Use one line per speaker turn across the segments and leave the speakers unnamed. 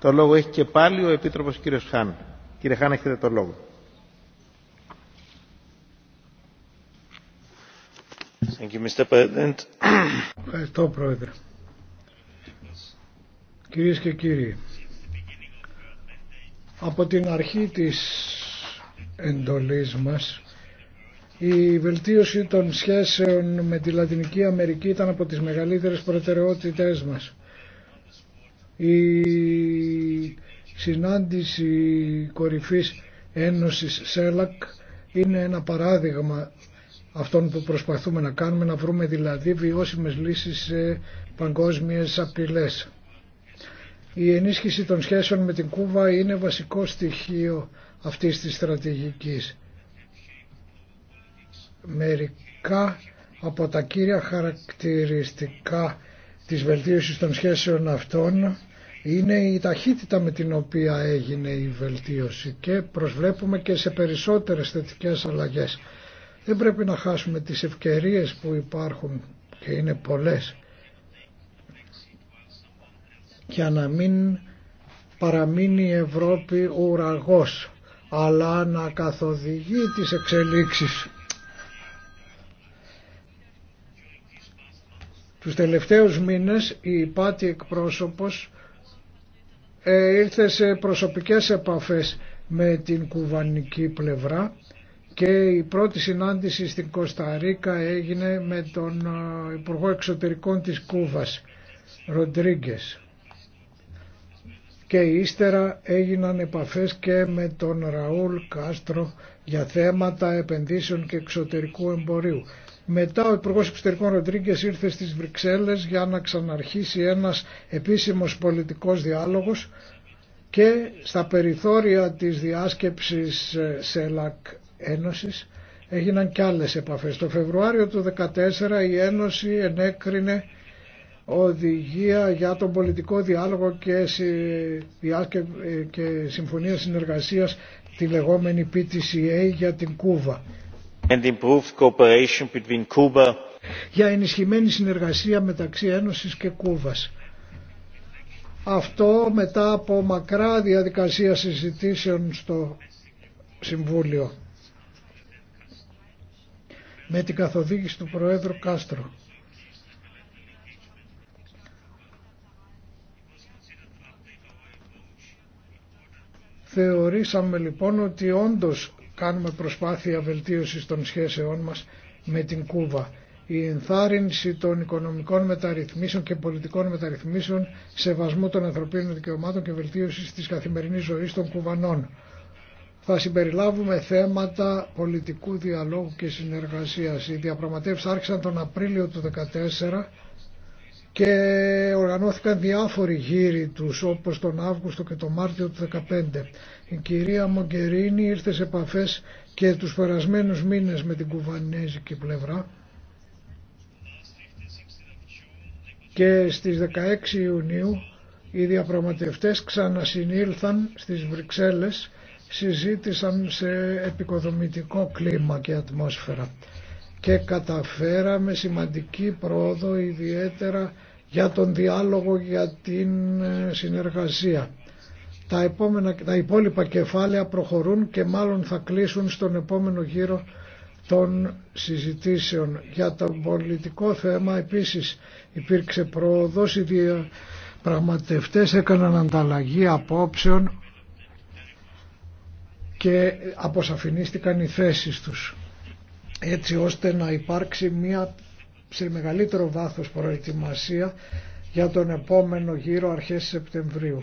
Το λόγο έχει και πάλι ο Επίτροπος κύριος Χάν. Κύριε Χάν, έχετε το λόγο. Thank you, Mr.
Ευχαριστώ, Πρόεδρε. Κυρίες και κύριοι, από την αρχή της εντολής μας η βελτίωση των σχέσεων με τη Λατινική Αμερική ήταν από τις μεγαλύτερες προτεραιότητές μας. Η συνάντηση κορυφής Ένωσης ΣΕΛΑΚ είναι ένα παράδειγμα αυτών που προσπαθούμε να κάνουμε, να βρούμε δηλαδή βιώσιμες λύσεις σε παγκόσμιες απειλές. Η ενίσχυση των σχέσεων με την Κούβα είναι βασικό στοιχείο αυτής της στρατηγικής. Μερικά από τα κύρια χαρακτηριστικά της βελτίωσης των σχέσεων αυτών είναι η ταχύτητα με την οποία έγινε η βελτίωση και προσβλέπουμε και σε περισσότερες θετικές αλλαγές. Δεν πρέπει να χάσουμε τις ευκαιρίες που υπάρχουν και είναι πολλές για να μην παραμείνει η Ευρώπη ουραγός αλλά να καθοδηγεί τις εξελίξεις. Τους τελευταίους μήνες η υπάτη εκπρόσωπος ε, ήρθε σε προσωπικές επαφές με την κουβανική πλευρά και η πρώτη συνάντηση στην Κωνσταντίνα έγινε με τον ε, Υπουργό Εξωτερικών της Κούβας, Ροντρίγκε. Και ύστερα έγιναν επαφές και με τον Ραούλ Κάστρο για θέματα επενδύσεων και εξωτερικού εμπορίου. Μετά ο Υπουργός Εξωτερικών Ροντρίγκες ήρθε στις Βρυξέλλες για να ξαναρχίσει ένας επίσημος πολιτικός διάλογος και στα περιθώρια της διάσκεψης ε, ΣΕΛΑΚ Ένωσης έγιναν και άλλες επαφές. Το Φεβρουάριο του 2014 η Ένωση ενέκρινε οδηγία για τον πολιτικό διάλογο και, ε, συμφωνία συνεργασίας τη λεγόμενη PTCA για την Κούβα για ενισχυμένη συνεργασία μεταξύ Ένωσης και Κούβας. Αυτό μετά από μακρά διαδικασία συζητήσεων στο Συμβούλιο με την καθοδήγηση του Προέδρου Κάστρο. Θεωρήσαμε λοιπόν ότι όντως κάνουμε προσπάθεια βελτίωσης των σχέσεών μας με την Κούβα. Η ενθάρρυνση των οικονομικών μεταρρυθμίσεων και πολιτικών μεταρρυθμίσεων, σεβασμού των ανθρωπίνων δικαιωμάτων και βελτίωση της καθημερινής ζωής των Κουβανών. Θα συμπεριλάβουμε θέματα πολιτικού διαλόγου και συνεργασίας. Οι διαπραγματεύσεις άρχισαν τον Απρίλιο του 2014 και οργανώθηκαν διάφοροι γύροι τους όπως τον Αύγουστο και τον Μάρτιο του 2015. Η κυρία Μογκερίνη ήρθε σε επαφές και τους περασμένους μήνες με την κουβανέζικη πλευρά και στις 16 Ιουνίου οι διαπραγματευτές ξανασυνήλθαν στις Βρυξέλλες συζήτησαν σε επικοδομητικό κλίμα και ατμόσφαιρα και καταφέραμε σημαντική πρόοδο ιδιαίτερα για τον διάλογο για την ε, συνεργασία. Τα, επόμενα, τα υπόλοιπα κεφάλαια προχωρούν και μάλλον θα κλείσουν στον επόμενο γύρο των συζητήσεων. Για το πολιτικό θέμα επίσης υπήρξε πρόοδος, οι διαπραγματευτές έκαναν ανταλλαγή απόψεων και αποσαφινίστηκαν οι θέσεις τους έτσι ώστε να υπάρξει μια σε μεγαλύτερο βάθος προετοιμασία για τον επόμενο γύρο αρχές Σεπτεμβρίου.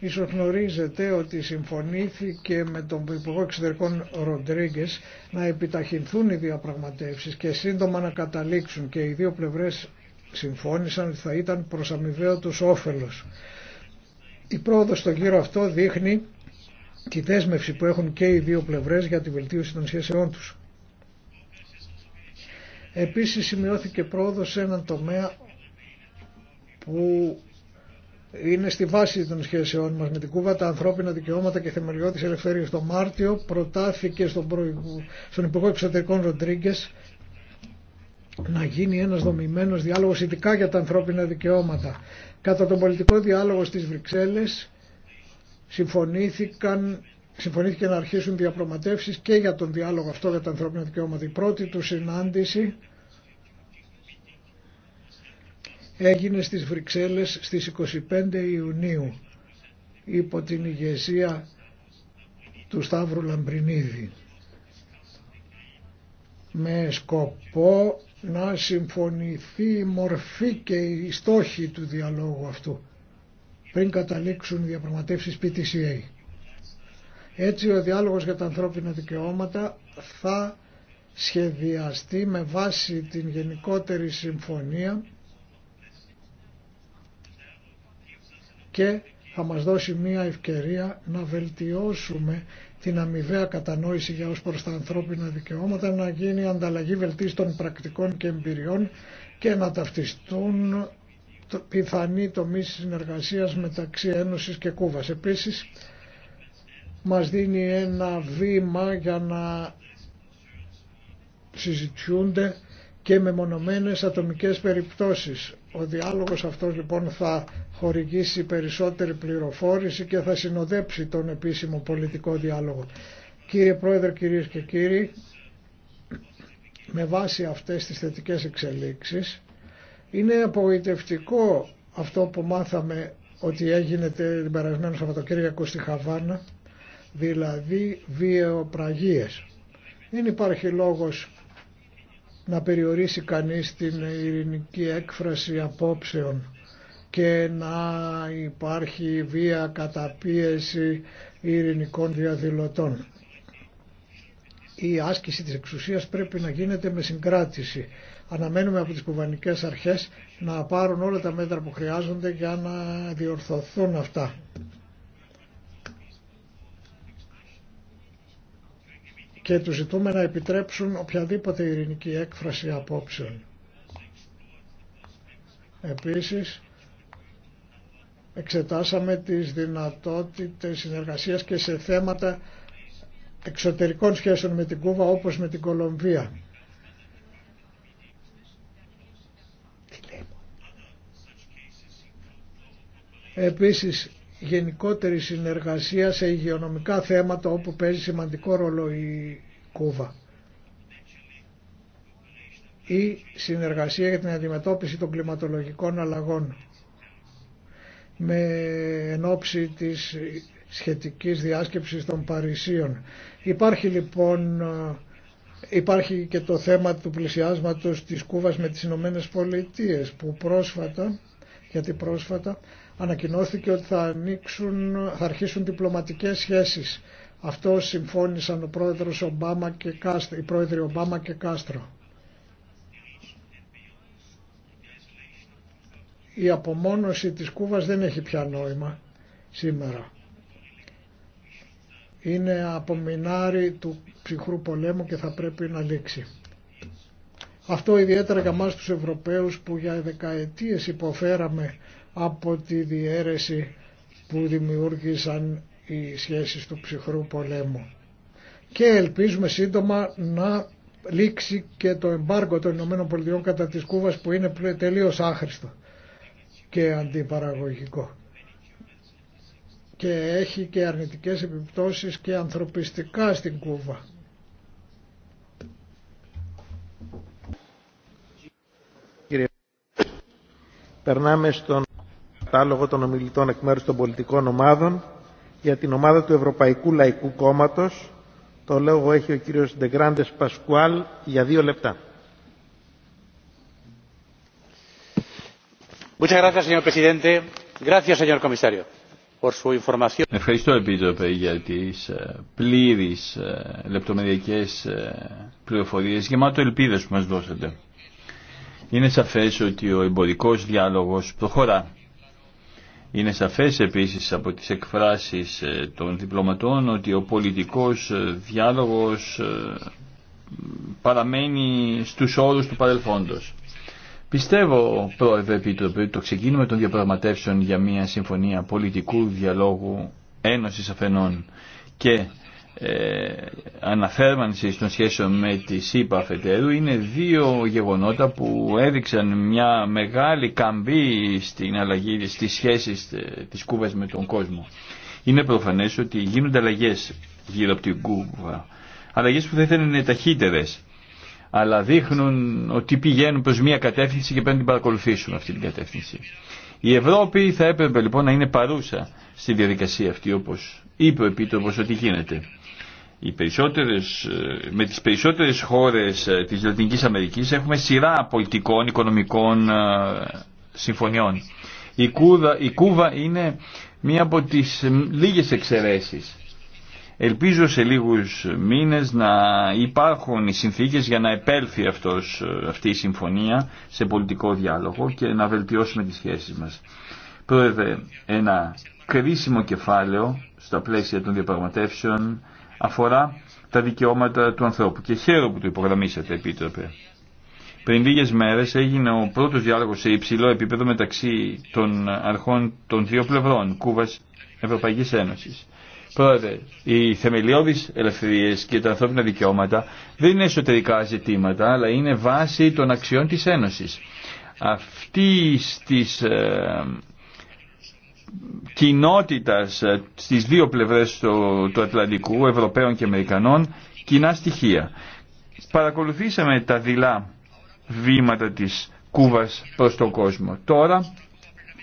Ίσως γνωρίζετε ότι συμφωνήθηκε με τον Υπουργό Εξωτερικών Ροντρίγκε να επιταχυνθούν οι διαπραγματεύσεις και σύντομα να καταλήξουν και οι δύο πλευρές συμφώνησαν ότι θα ήταν προς αμοιβαίο τους όφελος. Η πρόοδος στο γύρο αυτό δείχνει τη δέσμευση που έχουν και οι δύο πλευρές για τη βελτίωση των σχέσεών τους. Επίσης σημειώθηκε πρόοδος σε έναν τομέα που είναι στη βάση των σχέσεών μας με την Κούβα τα ανθρώπινα δικαιώματα και θεμελιώδης ελευθερίας. Το Μάρτιο προτάθηκε στον, στον Υπουργό Εξωτερικών Ροντρίγκε να γίνει ένας δομημένος διάλογος ειδικά για τα ανθρώπινα δικαιώματα. Κατά τον πολιτικό διάλογο στις Βρυξέλλες συμφωνήθηκαν συμφωνήθηκε να αρχίσουν διαπραγματεύσεις και για τον διάλογο αυτό για τα ανθρώπινα δικαιώματα. Η πρώτη του συνάντηση έγινε στις Βρυξέλλες στις 25 Ιουνίου υπό την ηγεσία του Σταύρου Λαμπρινίδη με σκοπό να συμφωνηθεί η μορφή και η στόχη του διαλόγου αυτού πριν καταλήξουν οι διαπραγματεύσεις PTCA. Έτσι ο διάλογος για τα ανθρώπινα δικαιώματα θα σχεδιαστεί με βάση την γενικότερη συμφωνία και θα μας δώσει μία ευκαιρία να βελτιώσουμε την αμοιβαία κατανόηση για ως προς τα ανθρώπινα δικαιώματα, να γίνει ανταλλαγή βελτίστων πρακτικών και εμπειριών και να ταυτιστούν πιθανή τομή συνεργασίας μεταξύ Ένωσης και Κούβας. Επίσης, μας δίνει ένα βήμα για να συζητιούνται και με μονομένες ατομικές περιπτώσεις. Ο διάλογος αυτός λοιπόν θα χορηγήσει περισσότερη πληροφόρηση και θα συνοδέψει τον επίσημο πολιτικό διάλογο. Κύριε Πρόεδρε, κύριε και κύριοι, με βάση αυτές τις θετικές εξελίξεις, είναι απογοητευτικό αυτό που μάθαμε ότι έγινε την περασμένη Σαββατοκύριακο στη Χαβάνα δηλαδή βιαιοπραγίες. Δεν υπάρχει λόγος να περιορίσει κανείς την ειρηνική έκφραση απόψεων και να υπάρχει βία καταπίεση ειρηνικών διαδηλωτών. Η άσκηση της εξουσίας πρέπει να γίνεται με συγκράτηση. Αναμένουμε από τις κουβανικές αρχές να πάρουν όλα τα μέτρα που χρειάζονται για να διορθωθούν αυτά. και του ζητούμε να επιτρέψουν οποιαδήποτε ειρηνική έκφραση απόψεων. Επίσης, εξετάσαμε τις δυνατότητες συνεργασίας και σε θέματα εξωτερικών σχέσεων με την Κούβα όπως με την Κολομβία. Επίσης γενικότερη συνεργασία σε υγειονομικά θέματα όπου παίζει σημαντικό ρόλο η Κούβα ή συνεργασία για την αντιμετώπιση των κλιματολογικών αλλαγών με ενόψη της σχετικής διάσκεψης των Παρισίων. Υπάρχει λοιπόν υπάρχει και το θέμα του πλησιάσματος της Κούβας με τις Ηνωμένε Πολιτείες που πρόσφατα γιατί πρόσφατα ανακοινώθηκε ότι θα, θα αρχίσουν διπλωματικές σχέσεις. Αυτό συμφώνησαν ο πρόεδρος Ομπάμα και Κάστρο, οι πρόεδροι Ομπάμα και Κάστρο. Η απομόνωση της Κούβας δεν έχει πια νόημα σήμερα. Είναι απομεινάρι του ψυχρού πολέμου και θα πρέπει να λήξει. Αυτό ιδιαίτερα για μας τους Ευρωπαίους που για δεκαετίες υποφέραμε από τη διαίρεση που δημιούργησαν οι σχέσεις του ψυχρού πολέμου. Και ελπίζουμε σύντομα να λήξει και το εμπάργκο των Ηνωμένων Πολιτειών κατά της Κούβας που είναι τελείως άχρηστο και αντιπαραγωγικό. Και έχει και αρνητικές επιπτώσεις και ανθρωπιστικά στην Κούβα.
Περνάμε στον κατάλογο των ομιλητών εκ μέρους των πολιτικών ομάδων για την ομάδα του Ευρωπαϊκού Λαϊκού Κόμματος. Το λόγο έχει ο κύριος Ντεγκράντες Πασκουάλ για δύο λεπτά.
Ευχαριστώ, Επίτροπε, για τις ε, πλήρεις ε, λεπτομεριακές ε, πληροφορίες γεμάτο ελπίδες που μας δώσατε. Είναι σαφές ότι ο εμπορικός διάλογος προχωρά είναι σαφές επίσης από τις εκφράσεις ε, των διπλωματών ότι ο πολιτικός ε, διάλογος ε, παραμένει στους όρους του παρελθόντος. Πιστεύω, Πρόεδρε Επίτροπε, το ξεκίνημα των διαπραγματεύσεων για μια συμφωνία πολιτικού διαλόγου ένωσης αφενών και ε, των σχέσεων με τη ΣΥΠΑ αφετέρου είναι δύο γεγονότα που έδειξαν μια μεγάλη καμπή στην αλλαγή στις σχέσεις της Κούβας με τον κόσμο. Είναι προφανές ότι γίνονται αλλαγές γύρω από την Κούβα. Αλλαγές που δεν θέλουν είναι ταχύτερες αλλά δείχνουν ότι πηγαίνουν προς μια κατεύθυνση και πρέπει να την παρακολουθήσουν αυτή την κατεύθυνση. Η Ευρώπη θα έπρεπε λοιπόν να είναι παρούσα στη διαδικασία αυτή όπως είπε ο Επίτροπος ότι γίνεται. Οι περισσότερες, ε, με τις περισσότερες χώρες ε, της Λατινικής Αμερικής έχουμε σειρά πολιτικών, οικονομικών ε, συμφωνιών. Η, Κούδα, η Κούβα είναι μία από τις λίγες εξαιρέσεις. Ελπίζω σε λίγους μήνες να υπάρχουν οι συνθήκες για να επέλθει αυτός, αυτή η συμφωνία σε πολιτικό διάλογο και να βελτιώσουμε τις σχέσεις μας. Πρόεδρε, ένα κρίσιμο κεφάλαιο στα πλαίσια των διαπραγματεύσεων αφορά τα δικαιώματα του ανθρώπου. Και χαίρομαι που το υπογραμμίσατε, Επίτροπε. Πριν λίγε μέρε έγινε ο πρώτος διάλογος σε υψηλό επίπεδο μεταξύ των αρχών των δύο πλευρών, Κούβας Ευρωπαϊκής Ένωσης. Πρόεδρε, οι θεμελιώδει ελευθερίε και τα ανθρώπινα δικαιώματα δεν είναι εσωτερικά ζητήματα, αλλά είναι βάση των αξιών τη Ένωση. Αυτή στις ε, κοινότητας ε, στις δύο πλευρές του, του Ατλαντικού, Ευρωπαίων και Αμερικανών, κοινά στοιχεία. Παρακολουθήσαμε τα δειλά βήματα της Κούβας προς τον κόσμο. Τώρα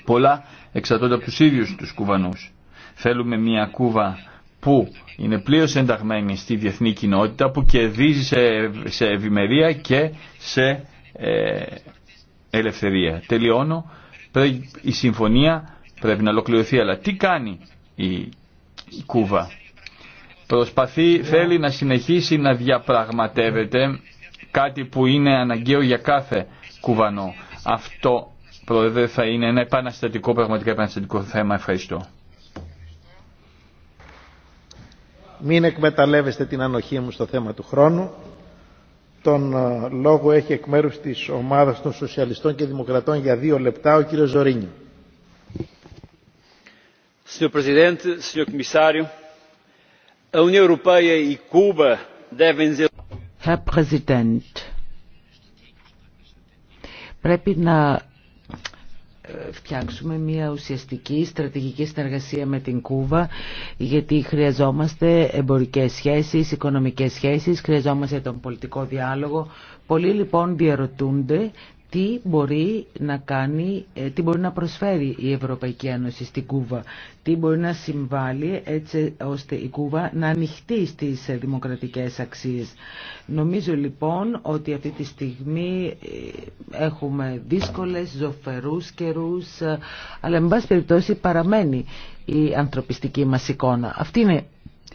πολλά εξαρτώνται από τους ίδιους τους Κουβανούς. Θέλουμε μια Κούβα που είναι πλήρως ενταγμένη στη διεθνή κοινότητα, που κερδίζει σε, σε ευημερία και σε ε, ελευθερία. Τελειώνω, η συμφωνία πρέπει να ολοκληρωθεί. Αλλά τι κάνει η Κούβα. Προσπαθεί, θέλει να συνεχίσει να διαπραγματεύεται κάτι που είναι αναγκαίο για κάθε Κουβανό. Αυτό, Πρόεδρε, θα είναι ένα επαναστατικό, πραγματικά επαναστατικό θέμα. Ευχαριστώ.
Μην εκμεταλλεύεστε την ανοχή μου στο θέμα του χρόνου. Τον ε, λόγο έχει εκ μέρους της ομάδας των Σοσιαλιστών και Δημοκρατών για δύο λεπτά ο κύριος Ζωρίνιου
senhor Presidente, senhor Comissário, a União Europeia e Cuba devem.
Herr Präsident, πρέπει να ε, φτιάξουμε μια ουσιαστική στρατηγική συνεργασία με την Κούβα γιατί χρειαζόμαστε εμπορικές σχέσεις, οικονομικές σχέσεις, χρειαζόμαστε τον πολιτικό διάλογο. Πολλοί λοιπόν διαρωτούνται τι μπορεί να κάνει, ε, τι μπορεί να προσφέρει η Ευρωπαϊκή Ένωση στην Κούβα, τι μπορεί να συμβάλλει έτσι ώστε η Κούβα να ανοιχτεί στις ε, δημοκρατικές αξίες. Νομίζω λοιπόν ότι αυτή τη στιγμή ε, έχουμε δύσκολες, ζωφερούς καιρούς, αλλά με πάση περιπτώσει παραμένει η ανθρωπιστική μας εικόνα. Αυτή είναι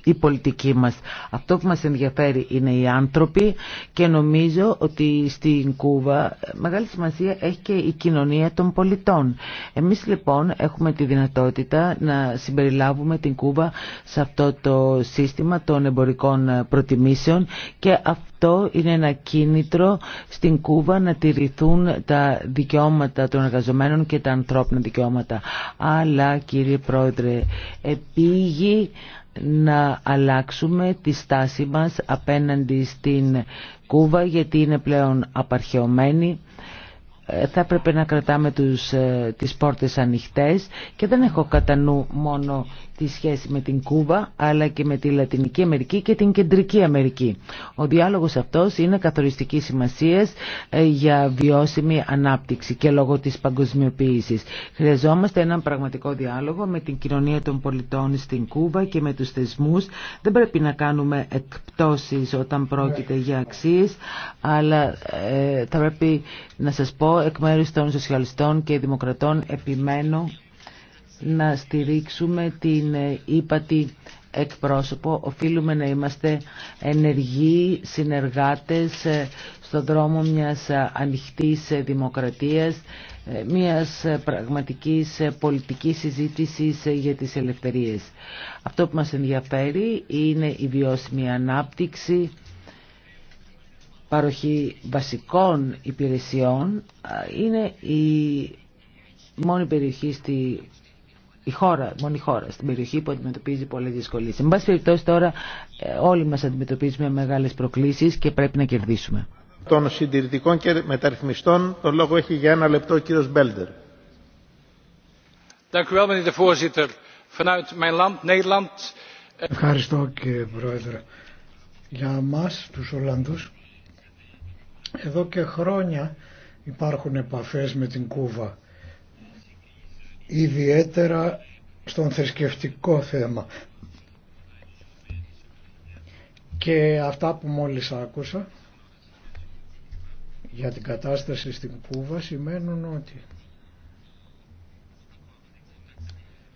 η πολιτική μας. Αυτό που μας ενδιαφέρει είναι οι άνθρωποι και νομίζω ότι στην Κούβα μεγάλη σημασία έχει και η κοινωνία των πολιτών. Εμείς λοιπόν έχουμε τη δυνατότητα να συμπεριλάβουμε την Κούβα σε αυτό το σύστημα των εμπορικών προτιμήσεων και αυτό είναι ένα κίνητρο στην Κούβα να τηρηθούν τα δικαιώματα των εργαζομένων και τα ανθρώπινα δικαιώματα. Αλλά κύριε Πρόεδρε, επίγει να αλλάξουμε τη στάση μας απέναντι στην Κούβα γιατί είναι πλέον απαρχαιωμένη ε, θα έπρεπε να κρατάμε τους, ε, τις πόρτες ανοιχτές και δεν έχω κατά νου μόνο τη σχέση με την Κούβα αλλά και με τη Λατινική Αμερική και την Κεντρική Αμερική. Ο διάλογος αυτός είναι καθοριστική σημασίας ε, για βιώσιμη ανάπτυξη και λόγω της παγκοσμιοποίησης. Χρειαζόμαστε έναν πραγματικό διάλογο με την κοινωνία των πολιτών στην Κούβα και με τους θεσμούς. Δεν πρέπει να κάνουμε εκπτώσεις όταν πρόκειται ναι. για αξίες αλλά ε, θα πρέπει να σας πω εκ μέρους των σοσιαλιστών και δημοκρατών επιμένω να στηρίξουμε την ε, ύπατη εκπρόσωπο. Οφείλουμε να είμαστε ενεργοί συνεργάτες ε, στον δρόμο μιας ε, ανοιχτής δημοκρατίας, μιας πραγματικής πολιτικής συζήτησης για τις ελευθερίες. Αυτό που μας ενδιαφέρει είναι η βιώσιμη ανάπτυξη, παροχή βασικών υπηρεσιών. Είναι η μόνη περιοχή στη η χώρα, μόνη χώρα στην περιοχή που αντιμετωπίζει πολλές δυσκολίες. Εν πάση περιπτώσει τώρα ε, όλοι μας αντιμετωπίζουμε μεγάλες προκλήσεις και πρέπει να κερδίσουμε.
Των συντηρητικών και
μεταρρυθμιστών το λόγο έχει
για ένα λεπτό ο κύριος Μπέλτερ.
Eh, Ευχαριστώ
κύριε Πρόεδρε. Για μας τους Ολλανδούς εδώ και χρόνια υπάρχουν επαφές με την Κούβα ιδιαίτερα στον θρησκευτικό θέμα. Και αυτά που μόλις άκουσα για την κατάσταση στην Κούβα σημαίνουν ότι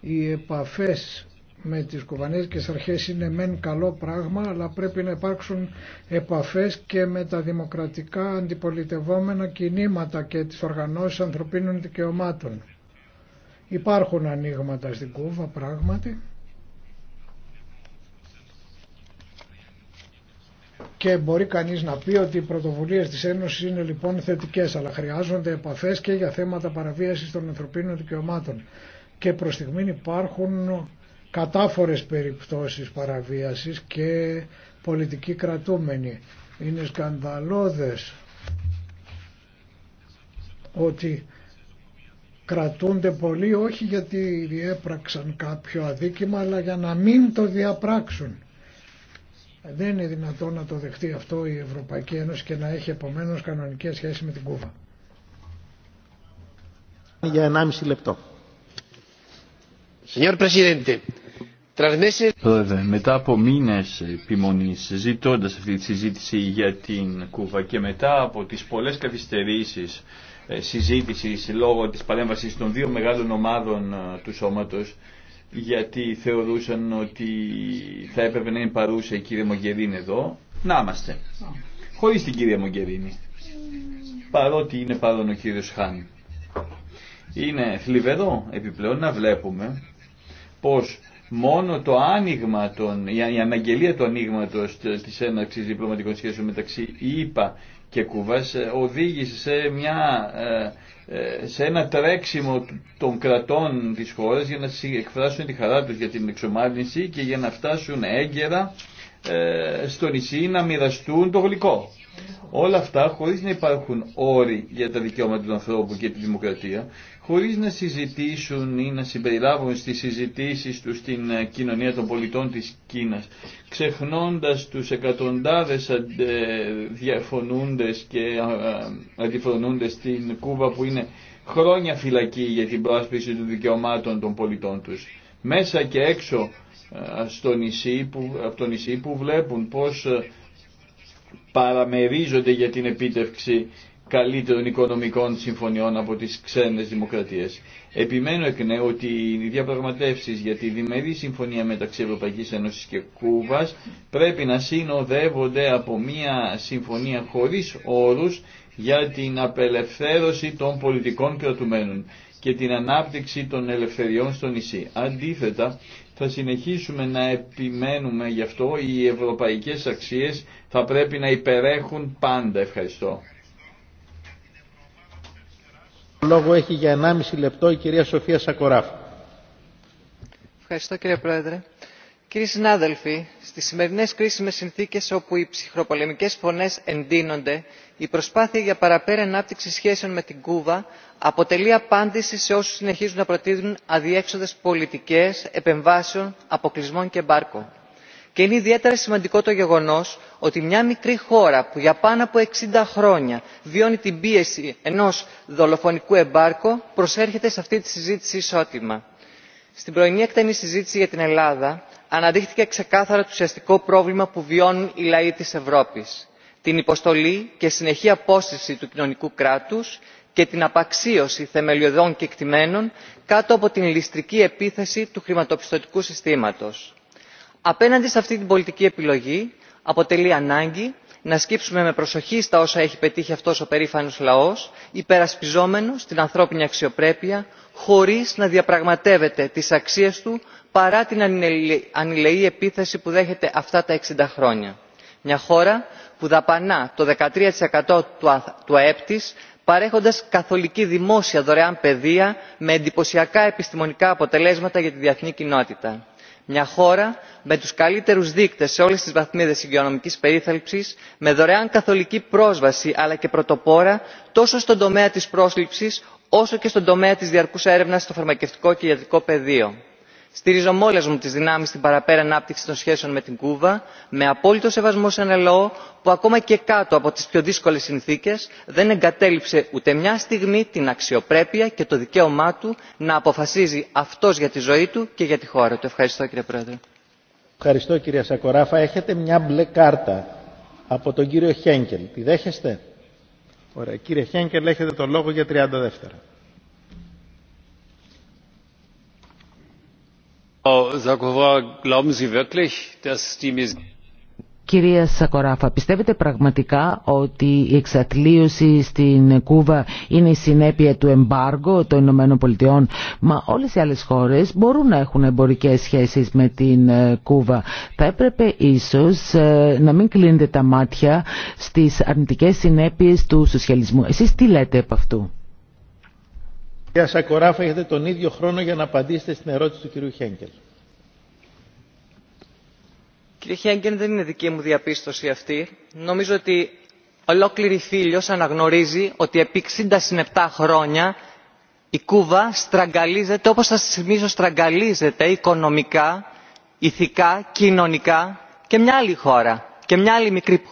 οι επαφές με τις κουβανίδικες αρχές είναι μεν καλό πράγμα αλλά πρέπει να υπάρξουν επαφές και με τα δημοκρατικά αντιπολιτευόμενα κινήματα και τις οργανώσεις ανθρωπίνων δικαιωμάτων. Υπάρχουν ανοίγματα στην Κούβα πράγματι και μπορεί κανείς να πει ότι οι πρωτοβουλίες της Ένωσης είναι λοιπόν θετικές αλλά χρειάζονται επαφές και για θέματα παραβίασης των ανθρωπίνων δικαιωμάτων και προς στιγμήν υπάρχουν κατάφορες περιπτώσεις παραβίασης και πολιτικοί κρατούμενοι. Είναι σκανδαλώδες ότι κρατούνται πολύ όχι γιατί διέπραξαν κάποιο αδίκημα αλλά για να μην το διαπράξουν. Δεν είναι δυνατόν να το δεχτεί αυτό η Ευρωπαϊκή Ένωση και να έχει επομένω κανονικές σχέσεις με την Κούβα.
Για 1,5 λεπτό.
Πρόεδρε, μετά από μήνες επιμονής ζητώντας αυτή τη συζήτηση για την Κούβα και μετά από τις πολλές καθυστερήσεις ε, συζήτησης λόγω της παρέμβασης των δύο μεγάλων ομάδων ε, του σώματος γιατί θεωρούσαν ότι θα έπρεπε να είναι παρούσα η κυρία Μογκερίνη εδώ. Να είμαστε. Χωρίς την κυρία Μογκερίνη. Παρότι είναι παρόν ο κύριος Χάν. Είναι θλιβερό επιπλέον να βλέπουμε πως μόνο το άνοιγμα των, η αναγγελία του ανοίγματο της έναρξης διπλωματικών σχέσεων μεταξύ ΙΠΑ και Κούβας ε, οδήγησε σε, ε, ε, σε ένα τρέξιμο των κρατών της χώρας για να εκφράσουν τη χαρά τους για την εξομάλυνση και για να φτάσουν έγκαιρα στο νησί να μοιραστούν το γλυκό. Όλα αυτά χωρίς να υπάρχουν όροι για τα δικαιώματα του ανθρώπου και τη δημοκρατία χωρίς να συζητήσουν ή να συμπεριλάβουν στις συζητήσεις τους στην ε, κοινωνία των πολιτών της Κίνας, ξεχνώντας τους εκατοντάδες διαφωνούντες και αντιφωνούντες στην Κούβα που είναι χρόνια φυλακή για την πρόσπιση των δικαιωμάτων των πολιτών τους. Μέσα και έξω στο νησί που, από το νησί που βλέπουν πώς ε, παραμερίζονται για την επίτευξη καλύτερων οικονομικών συμφωνιών από τις ξένες δημοκρατίες. Επιμένω εκ νέου ότι οι διαπραγματεύσει για τη διμερή συμφωνία μεταξύ Ευρωπαϊκής Ένωσης και Κούβας πρέπει να συνοδεύονται από μια συμφωνία χωρίς όρους για την απελευθέρωση των πολιτικών κρατουμένων και την ανάπτυξη των ελευθεριών στο νησί. Αντίθετα, θα συνεχίσουμε να επιμένουμε γι' αυτό οι ευρωπαϊκές αξίες θα πρέπει να υπερέχουν πάντα. Ευχαριστώ.
Λόγο έχει για 1,5 λεπτό η κυρία Σοφία Σακοράφ.
Ευχαριστώ κύριε Πρόεδρε. Κύριοι συνάδελφοι, στις σημερινές κρίσιμες συνθήκες όπου οι ψυχροπολεμικές φωνές εντείνονται, η προσπάθεια για παραπέρα ανάπτυξη σχέσεων με την Κούβα αποτελεί απάντηση σε όσους συνεχίζουν να προτείνουν αδιέξοδες πολιτικές επεμβάσεων, αποκλεισμών και μπάρκων και είναι ιδιαίτερα σημαντικό το γεγονός ότι μια μικρή χώρα που για πάνω από 60 χρόνια βιώνει την πίεση ενός δολοφονικού εμπάρκου προσέρχεται σε αυτή τη συζήτηση ισότιμα. στην πρωινή εκτενή συζήτηση για την ελλάδα αναδείχθηκε ξεκάθαρα το ουσιαστικό πρόβλημα που βιώνουν οι λαοί της ευρώπης την υποστολή και συνεχή απόσυρση του κοινωνικού κράτους και την απαξίωση θεμελιωδών κεκτημένων κάτω από την ληστρική επίθεση του χρηματοπιστωτικού συστήματος απέναντι σε αυτή την πολιτική επιλογή αποτελεί ανάγκη να σκύψουμε με προσοχή στα όσα έχει πετύχει αυτός ο περήφανος λαός υπερασπιζόμενος την ανθρώπινη αξιοπρέπεια χωρίς να διαπραγματεύεται τις αξίες του παρά την ανηλεή επίθεση που δέχεται αυτά τα 60 χρόνια. Μια χώρα που δαπανά το 13% του αεπ της παρέχοντας καθολική δημόσια δωρεάν παιδεία με εντυπωσιακά επιστημονικά αποτελέσματα για τη διεθνή κοινότητα μια χώρα με τους καλύτερους δείκτες σε όλες τις βαθμίδες υγειονομικής περίθαλψης με δωρεάν καθολική πρόσβαση αλλά και πρωτοπόρα τόσο στον τομέα της πρόσληψης όσο και στον τομέα της διαρκούς έρευνας στο φαρμακευτικό και ιατρικό πεδίο στηρίζομαι όλες μου τις δυνάμεις στην παραπέρα ανάπτυξη των σχέσεων με την κούβα με απόλυτο σεβασμό σε ένα λαό που ακόμα και κάτω από τις πιο δύσκολες συνθήκες δεν εγκατέλειψε ούτε μια στιγμή την αξιοπρέπεια και το δικαίωμά του να αποφασίζει αυτός για τη ζωή του και για τη χώρα του. Ευχαριστώ κύριε Πρόεδρε.
Ευχαριστώ κυρία Σακοράφα. Έχετε μια μπλε κάρτα από τον κύριο Χένκελ. Τη δέχεστε? Ωραία. Κύριε Χένκελ έχετε το λόγο για 30 δεύτερα.
Κυρία Σακοράφα, πιστεύετε πραγματικά ότι η εξατλίωση στην Κούβα είναι η συνέπεια του εμπάργου των Ηνωμένων Πολιτειών, μα όλες οι άλλες χώρες μπορούν να έχουν εμπορικές σχέσεις με την ε, Κούβα. Θα έπρεπε ίσως ε, να μην κλείνετε τα μάτια στις αρνητικές συνέπειες του σοσιαλισμού. Εσείς τι λέτε από αυτού.
Κυρία ε, Σακοράφα, έχετε τον ίδιο χρόνο για να απαντήσετε στην ερώτηση του κυρίου Χέγκελ.
Κύριε Χέγκελ, δεν είναι δική μου διαπίστωση αυτή. Νομίζω ότι ολόκληρη Φίλιος αναγνωρίζει ότι επί 67 χρόνια η Κούβα στραγγαλίζεται, όπως σας θυμίζω, στραγγαλίζεται οικονομικά, ηθικά, κοινωνικά και μια άλλη χώρα και μια άλλη μικρή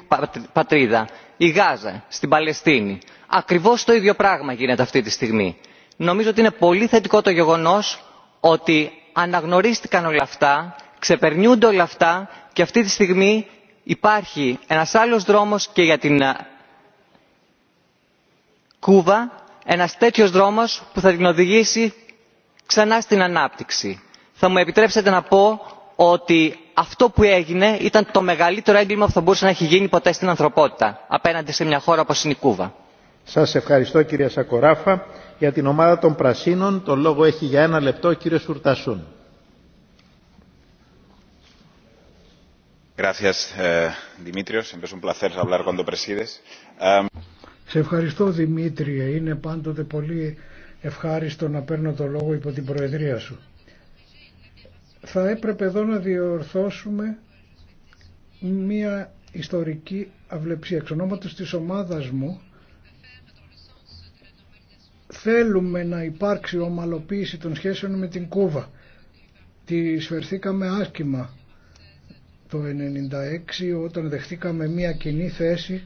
πατρίδα, η Γάζα, στην Παλαιστίνη. Ακριβώς το ίδιο πράγμα γίνεται αυτή τη στιγμή νομίζω ότι είναι πολύ θετικό το γεγονός ότι αναγνωρίστηκαν όλα αυτά ξεπερνιούνται όλα αυτά και αυτή τη στιγμή υπάρχει ένας άλλος δρόμος και για την ε, κούβα ένας τέτοιος δρόμος που θα την οδηγήσει ξανά στην ανάπτυξη. θα μου επιτρέψετε να πω ότι αυτό που έγινε ήταν το μεγαλύτερο έγκλημα που θα μπορούσε να έχει γίνει ποτέ στην ανθρωπότητα απέναντι σε μια χώρα όπως είναι η κούβα.
Σας ευχαριστώ κυρία Σακοράφα. Για την ομάδα των Πρασίνων το λόγο έχει για ένα λεπτό ο κύριος Ουρτασούν.
Ε, ε,
Σε ευχαριστώ Δημήτρια. Είναι πάντοτε πολύ ευχάριστο να παίρνω το λόγο υπό την Προεδρία σου. Θα έπρεπε εδώ να διορθώσουμε μία ιστορική αυλεψία. Εξ ονόματος της ομάδας μου Θέλουμε να υπάρξει ομαλοποίηση των σχέσεων με την Κούβα. Τη σφερθήκαμε άσκημα το 1996 όταν δεχτήκαμε μια κοινή θέση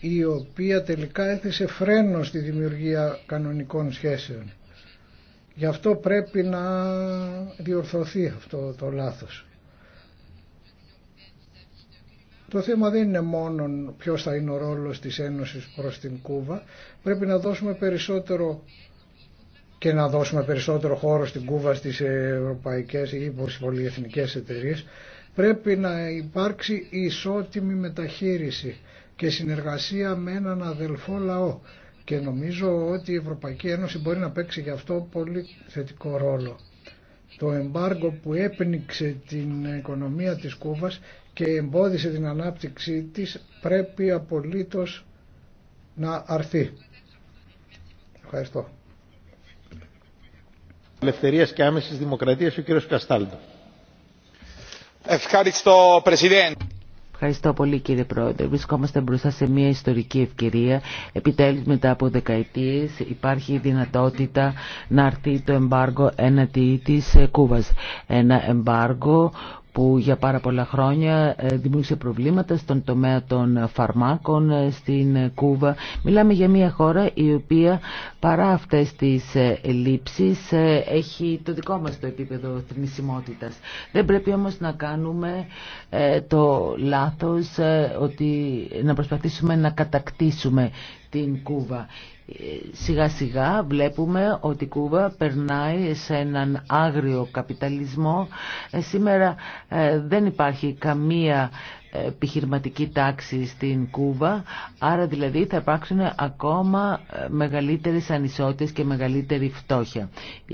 η οποία τελικά έθεσε φρένο στη δημιουργία κανονικών σχέσεων. Γι' αυτό πρέπει να διορθωθεί αυτό το λάθος. Το θέμα δεν είναι μόνο ποιος θα είναι ο ρόλος της Ένωσης προς την Κούβα. Πρέπει να δώσουμε περισσότερο και να δώσουμε περισσότερο χώρο στην Κούβα στις ευρωπαϊκές ή στις πολυεθνικές εταιρείες. Πρέπει να υπάρξει ισότιμη μεταχείριση και συνεργασία με έναν αδελφό λαό. Και νομίζω ότι η Ευρωπαϊκή Ένωση μπορεί να παίξει γι' αυτό πολύ θετικό ρόλο. Το εμπάργκο που έπνιξε την οικονομία της Κούβας και εμπόδισε την ανάπτυξή της πρέπει απολύτως να αρθεί. Ευχαριστώ.
Ελευθερίας και άμεσης δημοκρατίας ο κύριος Καστάλτο.
Ευχαριστώ,
Ευχαριστώ πολύ κύριε Πρόεδρε. Βρισκόμαστε μπροστά σε μια ιστορική ευκαιρία. Επιτέλους μετά από δεκαετίες υπάρχει η δυνατότητα να αρθεί το εμπάργο έναντι της Κούβας. Ένα εμπάργο που για πάρα πολλά χρόνια ε, δημιούργησε προβλήματα στον τομέα των φαρμάκων ε, στην Κούβα. Μιλάμε για μια χώρα η οποία παρά αυτές τις ε, ελλείψεις έχει το δικό μας το επίπεδο θνησιμότητας. Δεν πρέπει όμως να κάνουμε το λάθος ότι να προσπαθήσουμε να κατακτήσουμε την Κούβα. Σιγά σιγά βλέπουμε ότι η Κούβα περνάει σε έναν άγριο καπιταλισμό. Ε, σήμερα ε, δεν υπάρχει καμία επιχειρηματική τάξη στην Κούβα, άρα δηλαδή θα υπάρξουν ακόμα μεγαλύτερες ανισότητες και μεγαλύτερη φτώχεια.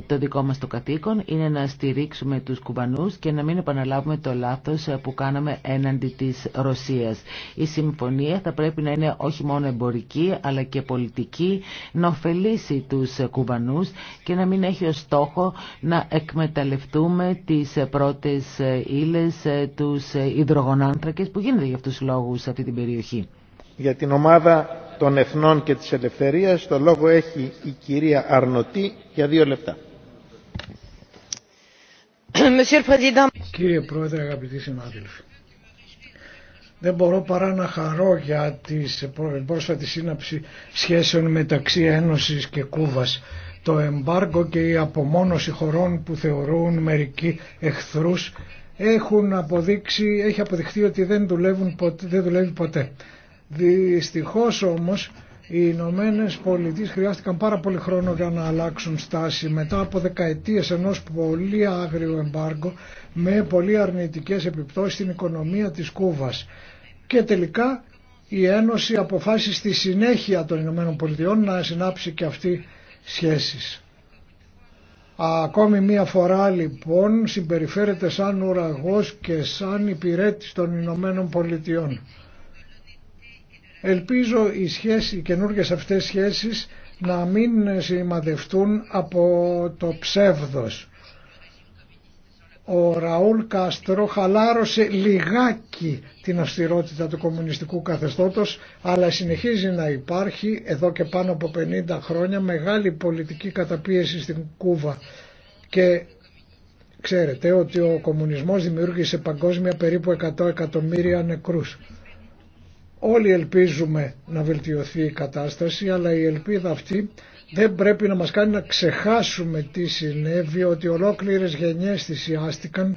Το δικό μας το καθήκον είναι να στηρίξουμε τους Κουβανούς και να μην επαναλάβουμε το λάθος που κάναμε έναντι της Ρωσίας. Η συμφωνία θα πρέπει να είναι όχι μόνο εμπορική αλλά και πολιτική, να ωφελήσει τους Κουβανούς και να μην έχει ως στόχο να εκμεταλλευτούμε τις πρώτες ύλες, ε, τους ε, υδρογονάνθρακες που γίνεται για αυτούς τους λόγους σε αυτή την περιοχή.
Για την ομάδα των Εθνών και της Ελευθερίας το λόγο έχει η κυρία Αρνοτή για δύο λεπτά.
Κύριε Πρόεδρε, αγαπητοί συνάδελφοι, δεν μπορώ παρά να χαρώ για την πρόσφατη σύναψη σχέσεων μεταξύ Ένωσης και Κούβας. Το εμπάργκο και η απομόνωση χωρών που θεωρούν μερικοί εχθρούς έχουν αποδείξει, έχει αποδειχθεί ότι δεν, δουλεύουν, δεν δουλεύει ποτέ. Δυστυχώς όμως οι Ηνωμένε Πολιτείε χρειάστηκαν πάρα πολύ χρόνο για να αλλάξουν στάση μετά από δεκαετίες ενός πολύ άγριου εμπάργκο με πολύ αρνητικές επιπτώσεις στην οικονομία της Κούβας. Και τελικά η Ένωση αποφάσισε στη συνέχεια των Ηνωμένων Πολιτειών να συνάψει και αυτή σχέσεις. Ακόμη μία φορά λοιπόν συμπεριφέρεται σαν ουραγός και σαν υπηρέτη των Ηνωμένων Πολιτειών. Ελπίζω οι, σχέσεις, οι καινούργιες αυτές σχέσεις να μην σημαδευτούν από το ψεύδος ο Ραούλ Κάστρο χαλάρωσε λιγάκι την αυστηρότητα του κομμουνιστικού καθεστώτος αλλά συνεχίζει να υπάρχει εδώ και πάνω από 50 χρόνια μεγάλη πολιτική καταπίεση στην Κούβα και ξέρετε ότι ο κομμουνισμός δημιούργησε παγκόσμια περίπου 100 εκατομμύρια νεκρούς. Όλοι ελπίζουμε να βελτιωθεί η κατάσταση, αλλά η ελπίδα αυτή δεν πρέπει να μας κάνει να ξεχάσουμε τι συνέβη, ότι ολόκληρες γενιές θυσιάστηκαν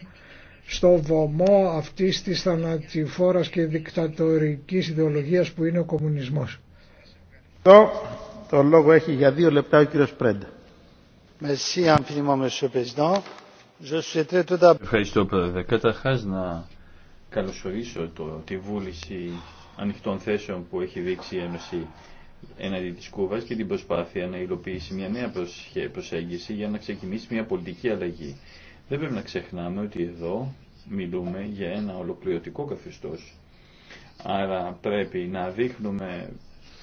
στο βωμό αυτής της θανατηφόρας και δικτατορικής ιδεολογίας που είναι ο κομμουνισμός.
Το, το λόγο έχει για δύο λεπτά ο κύριος Πρέντα.
Ευχαριστώ πρόεδρε. Καταρχάς να καλωσορίσω το, τη βούληση ανοιχτών θέσεων που έχει δείξει η Ένωση έναντι της Κούβας και την προσπάθεια να υλοποιήσει μια νέα προσέγγιση για να ξεκινήσει μια πολιτική αλλαγή. Δεν πρέπει να ξεχνάμε ότι εδώ μιλούμε για ένα ολοκληρωτικό καθεστώς. Άρα πρέπει να δείχνουμε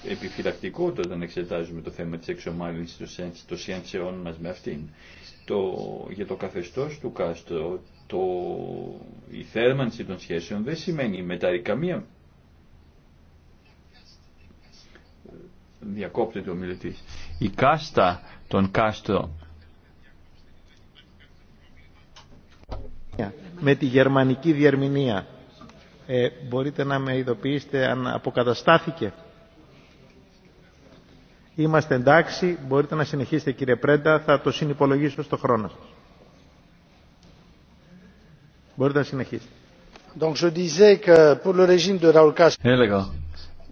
επιφυλακτικότητα όταν εξετάζουμε το θέμα της εξομάλυνσης των σιανσεών μας με αυτήν. Το, για το καθεστώς του Κάστρο, το, η θέρμανση των σχέσεων δεν σημαίνει μετά καμία διακόπτεται ο μιλητής. Η κάστα των Κάστρο
με τη γερμανική διερμηνία ε, μπορείτε να με ειδοποιήσετε αν αποκαταστάθηκε είμαστε εντάξει μπορείτε να συνεχίσετε κύριε Πρέντα θα το συνυπολογίσω στο χρόνο σας μπορείτε να συνεχίσετε Έλεγα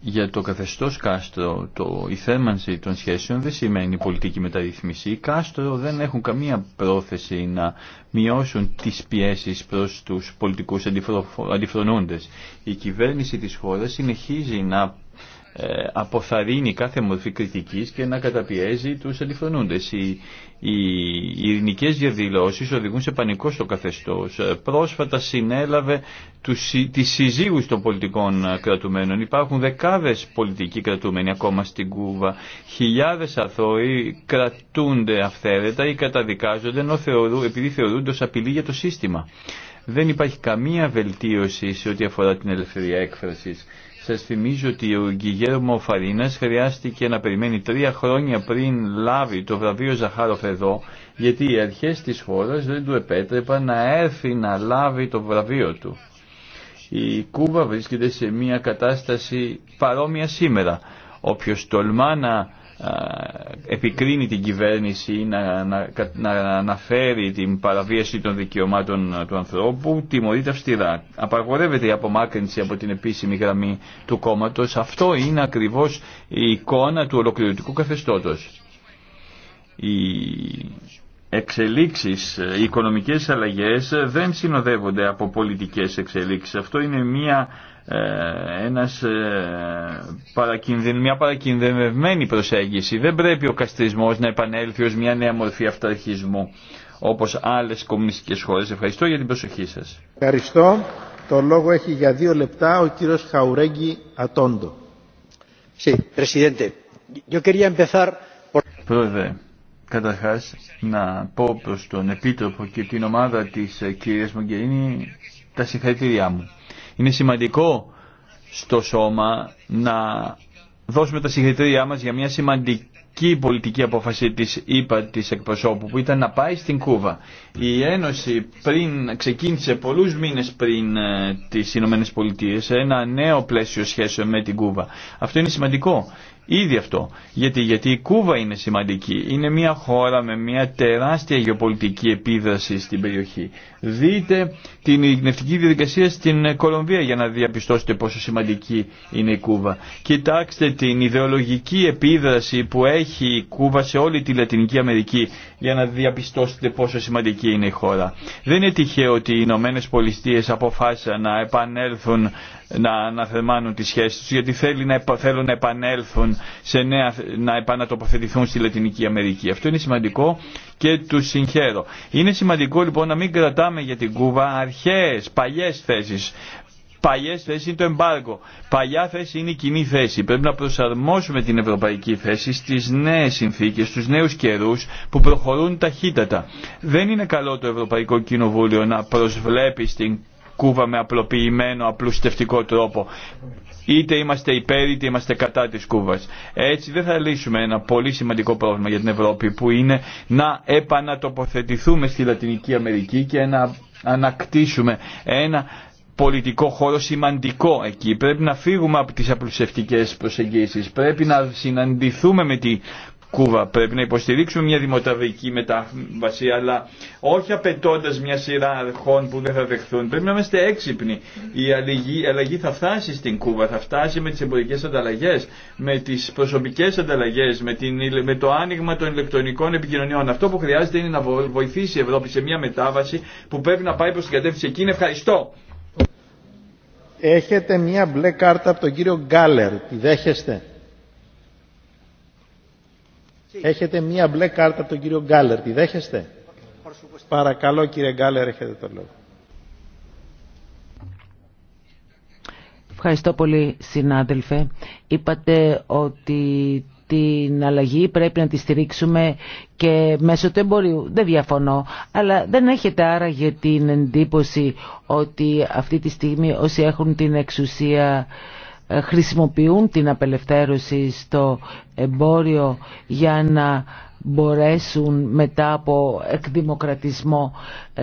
για το καθεστώς Κάστρο, το, η θέρμανση των σχέσεων δεν σημαίνει πολιτική μεταρρύθμιση. Οι Κάστρο δεν έχουν καμία πρόθεση να μειώσουν τις πιέσεις προς τους πολιτικούς αντιφρονούντες. Η κυβέρνηση της χώρας συνεχίζει να ε, αποθαρρύνει κάθε μορφή κριτικής και να καταπιέζει τους αντιφρονούντες. Οι, οι, οι ειρηνικές διαδηλώσεις οδηγούν σε πανικό στο καθεστώς. Ε, πρόσφατα συνέλαβε τους, τις συζύγους των πολιτικών ε, κρατουμένων. Υπάρχουν δεκάδες πολιτικοί κρατούμενοι ακόμα στην Κούβα. Χιλιάδες αθώοι κρατούνται αυθαίρετα ή καταδικάζονται ενώ θεωρούν, επειδή θεωρούνται ως απειλή για το σύστημα. Δεν υπάρχει καμία βελτίωση σε ό,τι αφορά την ελευθερία έκφρασης Σα θυμίζω ότι ο Γκυγέρμο Φαρίνα χρειάστηκε να περιμένει τρία χρόνια πριν λάβει το βραβείο Ζαχάροφ εδώ, γιατί οι αρχέ τη χώρα δεν του επέτρεπαν να έρθει να λάβει το βραβείο του. Η Κούβα βρίσκεται σε μια κατάσταση παρόμοια σήμερα. όποιο τολμά να ε, επικρίνει την κυβέρνηση να, να, να αναφέρει την παραβίαση των δικαιωμάτων του ανθρώπου τιμωρείται αυστηρά. Απαγορεύεται η απομάκρυνση από την επίσημη γραμμή του κόμματο. Αυτό είναι ακριβώς η εικόνα του ολοκληρωτικού καθεστώτος. Οι εξελίξεις, οι οικονομικές αλλαγές δεν συνοδεύονται από πολιτικές εξελίξεις. Αυτό είναι μια ε, ένας, ε, μια παρακινδυνευμένη προσέγγιση. Δεν πρέπει ο καστρισμός να επανέλθει ως μια νέα μορφή αυταρχισμού όπως άλλες κομμουνιστικές χώρες. Ευχαριστώ για την προσοχή σας.
Ευχαριστώ. Το λόγο έχει για δύο λεπτά ο κύριος Χαουρέγγι
Ατόντο. Πρόεδρε, καταρχάς να πω προς τον Επίτροπο και την ομάδα της ε, κυρίας Μογκερίνη τα συγχαρητήριά μου. Είναι σημαντικό στο σώμα να δώσουμε τα συγχαρητήριά μας για μια σημαντική πολιτική απόφαση της ΕΠΑ της εκπροσώπου που ήταν να πάει στην Κούβα. Η Ένωση πριν, ξεκίνησε πολλούς μήνες πριν ε, τις ΗΠΑ Πολιτείες ένα νέο πλαίσιο σχέσεων με την Κούβα. Αυτό είναι σημαντικό Ήδη αυτό. Γιατί, γιατί η Κούβα είναι σημαντική. Είναι μια χώρα με μια τεράστια γεωπολιτική επίδραση στην περιοχή. Δείτε την ειρηνευτική διαδικασία στην Κολομβία για να διαπιστώσετε πόσο σημαντική είναι η Κούβα. Κοιτάξτε την ιδεολογική επίδραση που έχει η Κούβα σε όλη τη Λατινική Αμερική για να διαπιστώσετε πόσο σημαντική είναι η χώρα. Δεν είναι τυχαίο ότι οι Ηνωμένε Πολιτείε αποφάσισαν να επανέλθουν να αναθερμάνουν τις σχέσεις τους γιατί θέλουν να επανέλθουν σε νέα, να επανατοποθετηθούν στη Λατινική Αμερική. Αυτό είναι σημαντικό και του συγχαίρω. Είναι σημαντικό λοιπόν να μην κρατάμε για την Κούβα αρχές παλιές θέσεις. Παλιέ θέσει είναι το εμπάργκο. Παλιά θέση είναι η κοινή θέση. Πρέπει να προσαρμόσουμε την ευρωπαϊκή θέση στι νέε συνθήκε, στου νέου καιρού που προχωρούν ταχύτατα. Δεν είναι καλό το Ευρωπαϊκό Κοινοβούλιο να προσβλέπει στην Κούβα με απλοποιημένο, απλουστευτικό τρόπο. Είτε είμαστε υπέρ είτε είμαστε κατά της Κούβας. Έτσι δεν θα λύσουμε ένα πολύ σημαντικό πρόβλημα για την Ευρώπη που είναι να επανατοποθετηθούμε στη Λατινική Αμερική και να ανακτήσουμε ένα πολιτικό χώρο σημαντικό εκεί. Πρέπει να φύγουμε από τις απλουσευτικές προσεγγίσεις. Πρέπει να συναντηθούμε με την Κούβα. Πρέπει να υποστηρίξουμε μια δημοταβική μετάβαση, αλλά όχι απαιτώντα μια σειρά αρχών που δεν θα δεχθούν. Πρέπει να είμαστε έξυπνοι. Η αλλαγή, η αλλαγή θα φτάσει στην Κούβα, θα φτάσει με τι εμπορικέ ανταλλαγέ, με τι προσωπικέ ανταλλαγέ, με, με το άνοιγμα των ηλεκτρονικών επικοινωνιών. Αυτό που χρειάζεται είναι να βοηθήσει η Ευρώπη σε μια μετάβαση που πρέπει να πάει προ την κατεύθυνση εκείνη. Ευχαριστώ.
Έχετε μια μπλε κάρτα από τον κύριο Γκάλερ. Τη δέχεστε. Έχετε μία μπλε κάρτα από τον κύριο Γκάλερ. Τη δέχεστε. Παρακαλώ κύριε Γκάλερ, έχετε το λόγο.
Ευχαριστώ πολύ συνάδελφε. Είπατε ότι την αλλαγή πρέπει να τη στηρίξουμε και μέσω του εμπορίου. Δεν διαφωνώ, αλλά δεν έχετε άραγε την εντύπωση ότι αυτή τη στιγμή όσοι έχουν την εξουσία χρησιμοποιούν την απελευθέρωση στο εμπόριο για να μπορέσουν μετά από εκδημοκρατισμό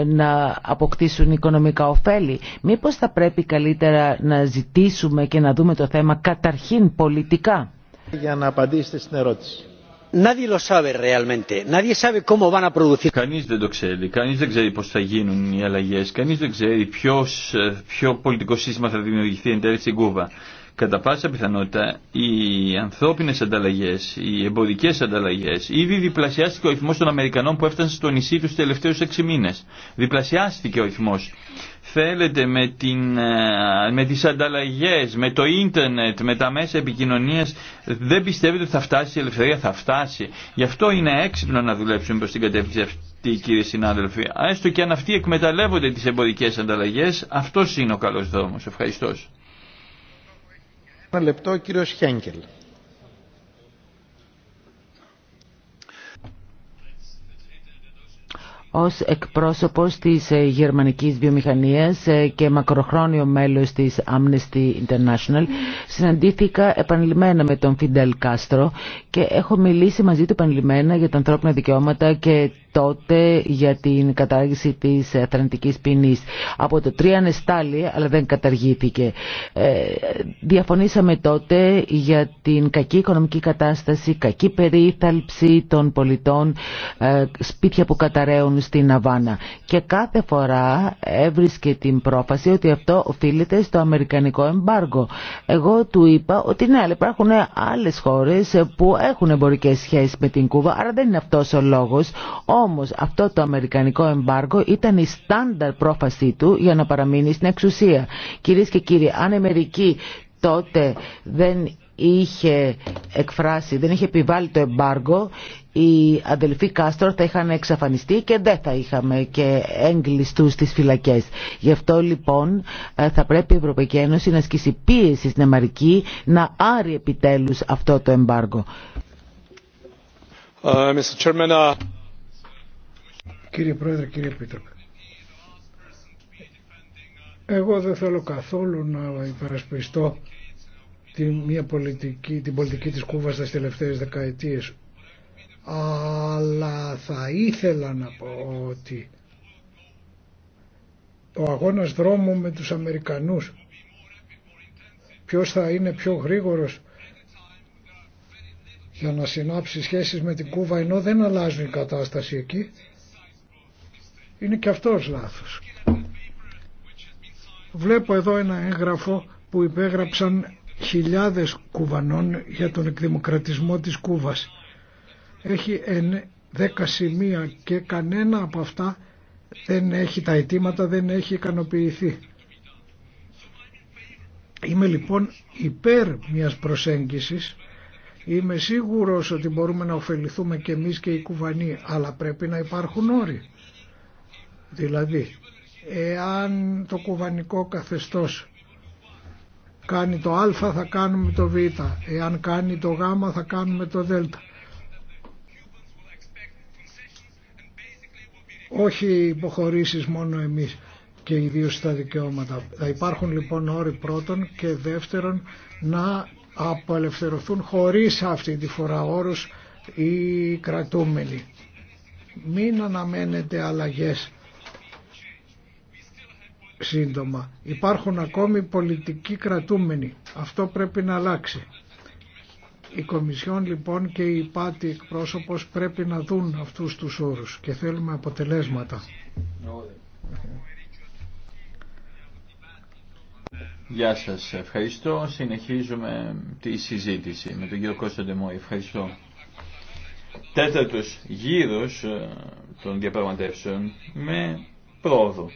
να αποκτήσουν οικονομικά ωφέλη. Μήπως θα πρέπει καλύτερα να ζητήσουμε και να δούμε το θέμα καταρχήν πολιτικά.
Για να απαντήσετε στην ερώτηση.
Κανείς δεν το ξέρει, κανείς δεν ξέρει πώς θα γίνουν οι αλλαγές, κανείς δεν ξέρει ε, ποιο πολιτικό σύστημα θα δημιουργηθεί εν τέλει στην Κούβα. Κατά πάσα πιθανότητα οι ανθρώπινες ανταλλαγές, οι εμπορικέ ανταλλαγές, ήδη διπλασιάστηκε ο αριθμός των Αμερικανών που έφτασαν στο νησί τους τελευταίους 6 μήνες. Διπλασιάστηκε ο αριθμός. Θέλετε με, την, ε, με τις ανταλλαγές, με το ίντερνετ, με τα μέσα επικοινωνίας, δεν πιστεύετε ότι θα φτάσει η ελευθερία, θα φτάσει. Γι' αυτό είναι έξυπνο να δουλέψουμε προς την κατεύθυνση αυτή, κύριε συνάδελφοι. Έστω και αν αυτοί εκμεταλλεύονται τις εμπορικές ανταλλαγές, αυτό είναι ο καλός δρόμος. Ευχαριστώ.
Ένα
λεπτό, ο κύριος
ως εκπρόσωπος της ε, γερμανικής βιομηχανίας ε, και μακροχρόνιο μέλος της Amnesty International συναντήθηκα επανειλημμένα με τον Φιντελ Κάστρο και έχω μιλήσει μαζί του επανειλημμένα για τα ανθρώπινα δικαιώματα και τότε για την κατάργηση της ε, θρανητικής ποινή. Από το 3 ανεστάλλει, αλλά δεν καταργήθηκε. διαφωνήσαμε τότε για την κακή οικονομική κατάσταση, κακή περίθαλψη των πολιτών, σπίτια που καταραίουν στην Αβάνα και κάθε φορά έβρισκε την πρόφαση ότι αυτό οφείλεται στο αμερικανικό εμπάργο. Εγώ του είπα ότι ναι, αλλά υπάρχουν άλλες χώρες που έχουν εμπορικές σχέσεις με την Κούβα, άρα δεν είναι αυτός ο λόγος. Όμως αυτό το αμερικανικό εμπάργο ήταν η στάνταρ πρόφασή του για να παραμείνει στην εξουσία. Κυρίες και κύριοι, αν η Αμερική τότε δεν είχε εκφράσει, δεν είχε επιβάλει το εμπάργο, οι αδελφοί Κάστρο θα είχαν εξαφανιστεί και δεν θα είχαμε και έγκλειστούς στις φυλακές. Γι' αυτό λοιπόν ε, θα πρέπει η Ευρωπαϊκή Ένωση να ασκήσει πίεση στην Αμερική να άρει επιτέλους αυτό το εμπάργο.
Ε, ε, κύριε Πρόεδρε, κύριε Επίτροπε. Εγώ δεν θέλω καθόλου να υπερασπιστώ τη, μια πολιτική, την πολιτική της Κούβας στις τελευταίες δεκαετίες αλλά θα ήθελα να πω ότι ο αγώνας δρόμου με τους Αμερικανούς ποιος θα είναι πιο γρήγορος για να συνάψει σχέσεις με την Κούβα ενώ δεν αλλάζουν η κατάσταση εκεί είναι και αυτός λάθος βλέπω εδώ ένα έγγραφο που υπέγραψαν χιλιάδες κουβανών για τον εκδημοκρατισμό της Κούβας έχει 10 σημεία και κανένα από αυτά δεν έχει τα αιτήματα, δεν έχει ικανοποιηθεί. Είμαι λοιπόν υπέρ μιας προσέγγισης. Είμαι σίγουρος ότι μπορούμε να ωφεληθούμε και εμείς και οι κουβανοί, αλλά πρέπει να υπάρχουν όροι. Δηλαδή, εάν το κουβανικό καθεστώς κάνει το α θα κάνουμε το β, εάν κάνει το γ θα κάνουμε το δ. όχι υποχωρήσει μόνο εμείς και ιδίω στα δικαιώματα. Θα υπάρχουν λοιπόν όροι πρώτον και δεύτερον να απελευθερωθούν χωρίς αυτή τη φορά όρου οι κρατούμενοι. Μην αναμένετε αλλαγές σύντομα. Υπάρχουν ακόμη πολιτικοί κρατούμενοι. Αυτό πρέπει να αλλάξει. Η Κομισιόν λοιπόν και η Πάτη εκπρόσωπος πρέπει να δουν αυτούς τους όρους και θέλουμε αποτελέσματα.
Γεια σας, ευχαριστώ. Συνεχίζουμε τη συζήτηση με τον κύριο Κώστα Ντεμό. Ευχαριστώ. Τέταρτος γύρος ε, των διαπραγματεύσεων με πρόοδο.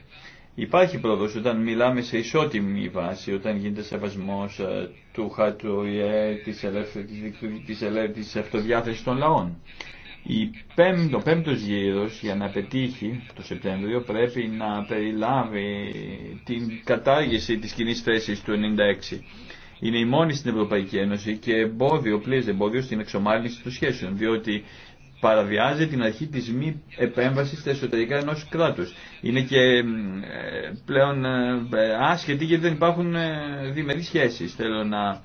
Υπάρχει πρόοδος όταν μιλάμε σε ισότιμη βάση, όταν γίνεται σεβασμός ε, του ΧΑΤΟΙΕ, της, της, της αυτοδιάθεσης των λαών. Η πέμπτο, το πέμπτος γύρος για να πετύχει το Σεπτέμβριο πρέπει να περιλάβει την κατάργηση της κοινή θέση του 1996. Είναι η μόνη στην Ευρωπαϊκή Ένωση και εμπόδιο, πλήρες εμπόδιο στην εξομάλυνση των σχέσεων, διότι παραβιάζει την αρχή της μη επέμβασης στα εσωτερικά ενός κράτους. Είναι και ε, πλέον ε, ε, άσχετη γιατί δεν υπάρχουν διμερείς σχέσεις. Θέλω να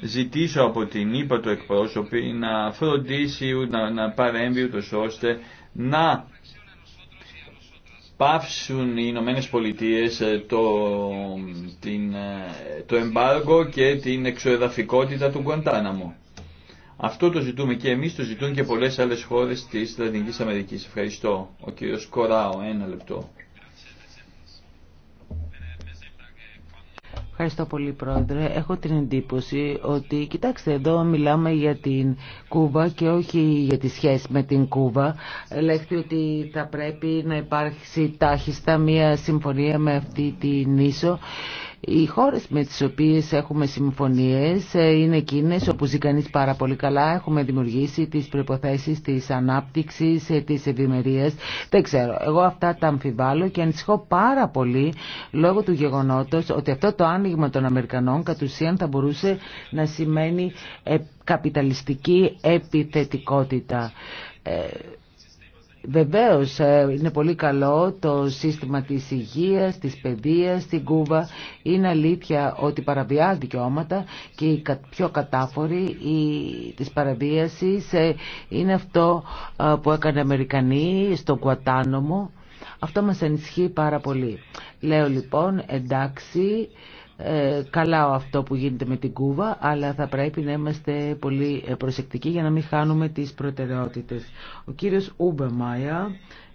ζητήσω από την ΥΠΑ το εκπρόσωπη να φροντίσει, να, να παρέμβει ούτε ώστε να πάυσουν οι Ηνωμένε Πολιτείε το, την, το εμπάργο και την εξοεδαφικότητα του Γκουαντάναμου. Αυτό το ζητούμε και εμείς, το ζητούν και πολλές άλλες χώρες της Λατινικής Αμερικής. Ευχαριστώ. Ο κύριος Κοράο, ένα λεπτό.
Ευχαριστώ πολύ πρόεδρε. Έχω την εντύπωση ότι, κοιτάξτε, εδώ μιλάμε για την Κούβα και όχι για τη σχέση με την Κούβα. Λέγεται ότι θα πρέπει να υπάρξει τάχιστα μια συμφωνία με αυτή την Ίσο οι χώρες με τις οποίες έχουμε συμφωνίες ε, είναι εκείνες όπου ζει κανείς πάρα πολύ καλά. Έχουμε δημιουργήσει τις προϋποθέσεις της ανάπτυξης, ε, της ευημερίας. Δεν ξέρω, εγώ αυτά τα αμφιβάλλω και ανησυχώ πάρα πολύ λόγω του γεγονότος ότι αυτό το άνοιγμα των Αμερικανών κατ' ουσίαν θα μπορούσε να σημαίνει ε, καπιταλιστική επιθετικότητα. Βεβαίως ε, είναι πολύ καλό το σύστημα της υγείας, της παιδείας στην Κούβα. Είναι αλήθεια ότι παραβιάζει δικαιώματα και οι πιο κατάφοροι της παραβίασης ε, είναι αυτό ε, που έκανε οι Αμερικανοί στο Κουατάνομο. Αυτό μας ενισχύει πάρα πολύ. Λέω λοιπόν εντάξει ε, καλά αυτό που γίνεται με την Κούβα, αλλά θα πρέπει να είμαστε πολύ ε, προσεκτικοί για να μην χάνουμε τις προτεραιότητες. Ο κύριος Ούμπε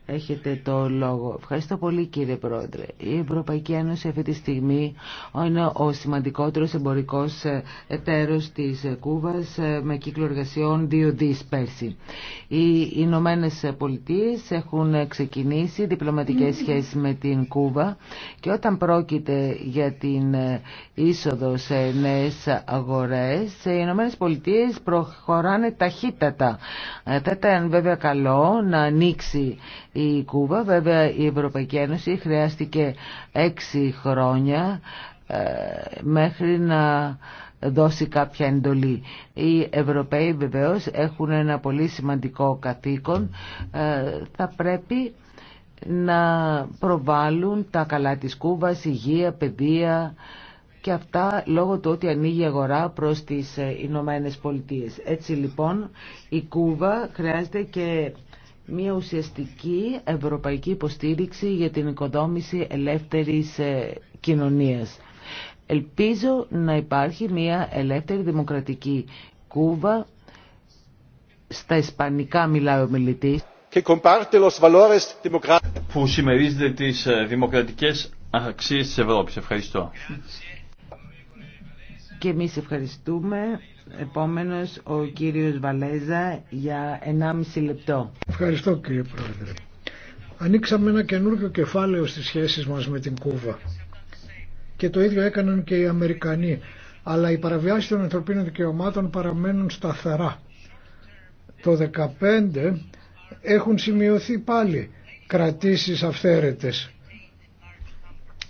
Έχετε το λόγο. Ευχαριστώ πολύ κύριε Πρόεδρε. Η Ευρωπαϊκή Ένωση αυτή τη στιγμή είναι ο σημαντικότερος εμπορικός ε, εταίρος της Κούβας ε, με κύκλο εργασιών 2 δις πέρσι. Οι Ηνωμένε Πολιτείε έχουν ξεκινήσει διπλωματικές σχέσεις με την Κούβα και όταν πρόκειται για την ε, είσοδο σε νέες αγορές, οι Ηνωμένε Πολιτείε προχωράνε ταχύτατα. Θα ήταν βέβαια καλό να ανοίξει η Κούβα. Βέβαια η Ευρωπαϊκή Ένωση χρειάστηκε έξι χρόνια ε, μέχρι να δώσει κάποια εντολή. Οι Ευρωπαίοι βεβαίως έχουν ένα πολύ σημαντικό καθήκον. Ε, θα πρέπει να προβάλλουν τα καλά της Κούβας, υγεία, παιδεία και αυτά λόγω του ότι ανοίγει αγορά προς τις ε, Ηνωμένε Πολιτείες. Έτσι λοιπόν η Κούβα χρειάζεται και μια ουσιαστική ευρωπαϊκή υποστήριξη για την οικοδόμηση ελεύθερης ε, κοινωνίας. Ελπίζω να υπάρχει μια ελεύθερη δημοκρατική Κούβα. Στα ισπανικά μιλάει ο μιλητής
που συμμερίζεται τις ε, δημοκρατικές αξίες της Ευρώπης. Ευχαριστώ.
Και εμείς ευχαριστούμε. Επόμενος ο κύριος Βαλέζα για 1,5 λεπτό. Ευχαριστώ κύριε Πρόεδρε.
Ανοίξαμε ένα καινούργιο κεφάλαιο στις σχέσεις μας με την Κούβα. Και το ίδιο έκαναν και οι Αμερικανοί. Αλλά οι παραβιάσεις των ανθρωπίνων δικαιωμάτων παραμένουν σταθερά. Το 2015 έχουν σημειωθεί πάλι κρατήσεις αυθαίρετες.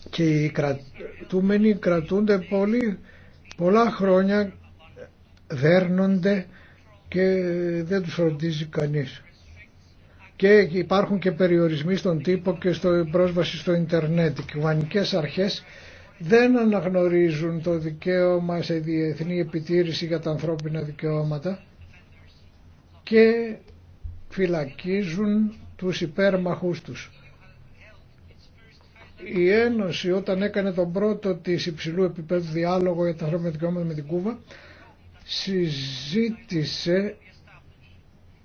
Και οι κρατούμενοι κρατούνται πολύ, πολλά χρόνια δέρνονται και δεν τους φροντίζει κανείς. Και υπάρχουν και περιορισμοί στον τύπο και στο πρόσβαση στο ίντερνετ. Οι κουβανικές αρχές δεν αναγνωρίζουν το δικαίωμα σε διεθνή επιτήρηση για τα ανθρώπινα δικαιώματα και φυλακίζουν τους υπέρμαχού τους. Η Ένωση όταν έκανε τον πρώτο της υψηλού επίπεδου διάλογο για τα ανθρώπινα δικαιώματα με την Κούβα συζήτησε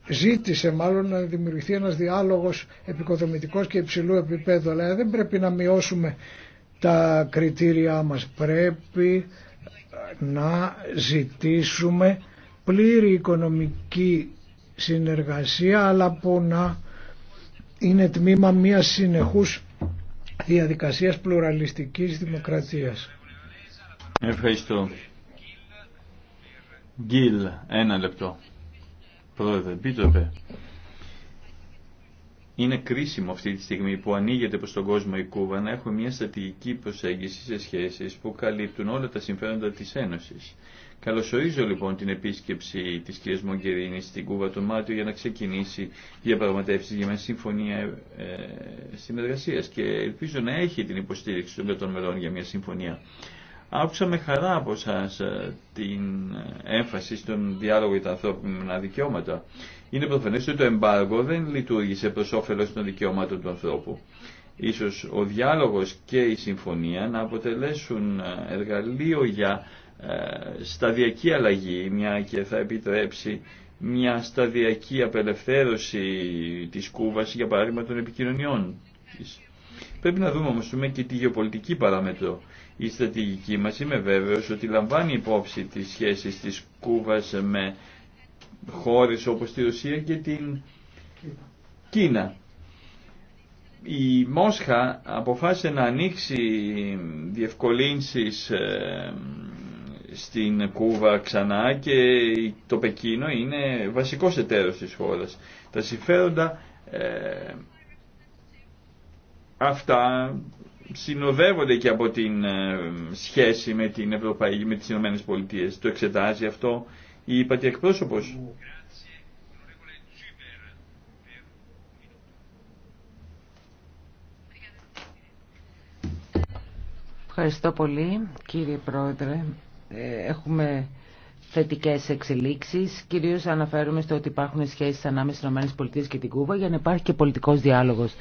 ζήτησε μάλλον να δημιουργηθεί ένας διάλογος επικοδομητικός και υψηλού επίπεδου αλλά δεν πρέπει να μειώσουμε τα κριτήρια μας πρέπει να ζητήσουμε πλήρη οικονομική συνεργασία αλλά που να είναι τμήμα μιας συνεχούς διαδικασίας πλουραλιστικής δημοκρατίας.
Ευχαριστώ. Γκίλ, ένα λεπτό. Πρόεδρε, επίτροπε. Είναι κρίσιμο αυτή τη στιγμή που ανοίγεται προς τον κόσμο η Κούβα να έχουμε μια στρατηγική προσέγγιση σε σχέσεις που καλύπτουν όλα τα συμφέροντα της Ένωσης. Καλωσορίζω λοιπόν την επίσκεψη της κ. Μογκερίνης στην Κούβα τον Μάρτιο για να ξεκινήσει διαπραγματεύσεις για μια συμφωνία ε, συνεργασίας και ελπίζω να έχει την υποστήριξη των κρατών μελών για μια συμφωνία. Άκουσα με χαρά από εσά ε, την ε, έμφαση στον διάλογο για τα ανθρώπινα δικαιώματα. Είναι προφανές ότι το εμπάργο δεν λειτουργήσε προς όφελος των δικαιωμάτων του ανθρώπου. Ίσως ο διάλογος και η συμφωνία να αποτελέσουν ε, εργαλείο για σταδιακή αλλαγή, μια και θα επιτρέψει μια σταδιακή απελευθέρωση της Κούβας, για παράδειγμα των επικοινωνιών Πρέπει να δούμε όμως και τη γεωπολιτική παράμετρο. Η στρατηγική μας είμαι βέβαιος ότι λαμβάνει υπόψη τις σχέσεις της Κούβας με χώρες όπως τη Ρωσία και την Κίνα. Η Μόσχα αποφάσισε να ανοίξει διευκολύνσεις ε, στην Κούβα ξανά και το Πεκίνο είναι βασικός εταίρος της χώρας. Τα συμφέροντα ε, αυτά συνοδεύονται και από την ε, σχέση με, την Ευρωπαϊκή, με τις Ηνωμένες Πολιτείες. Το εξετάζει αυτό η υπατή
Ευχαριστώ πολύ κύριε Πρόεδρε. Ε, έχουμε θετικές εξελίξεις. Κυρίως αναφέρουμε στο ότι υπάρχουν σχέσεις ανάμεσα στις ΗΠΑ και την Κούβα για να υπάρχει και πολιτικός διάλογος.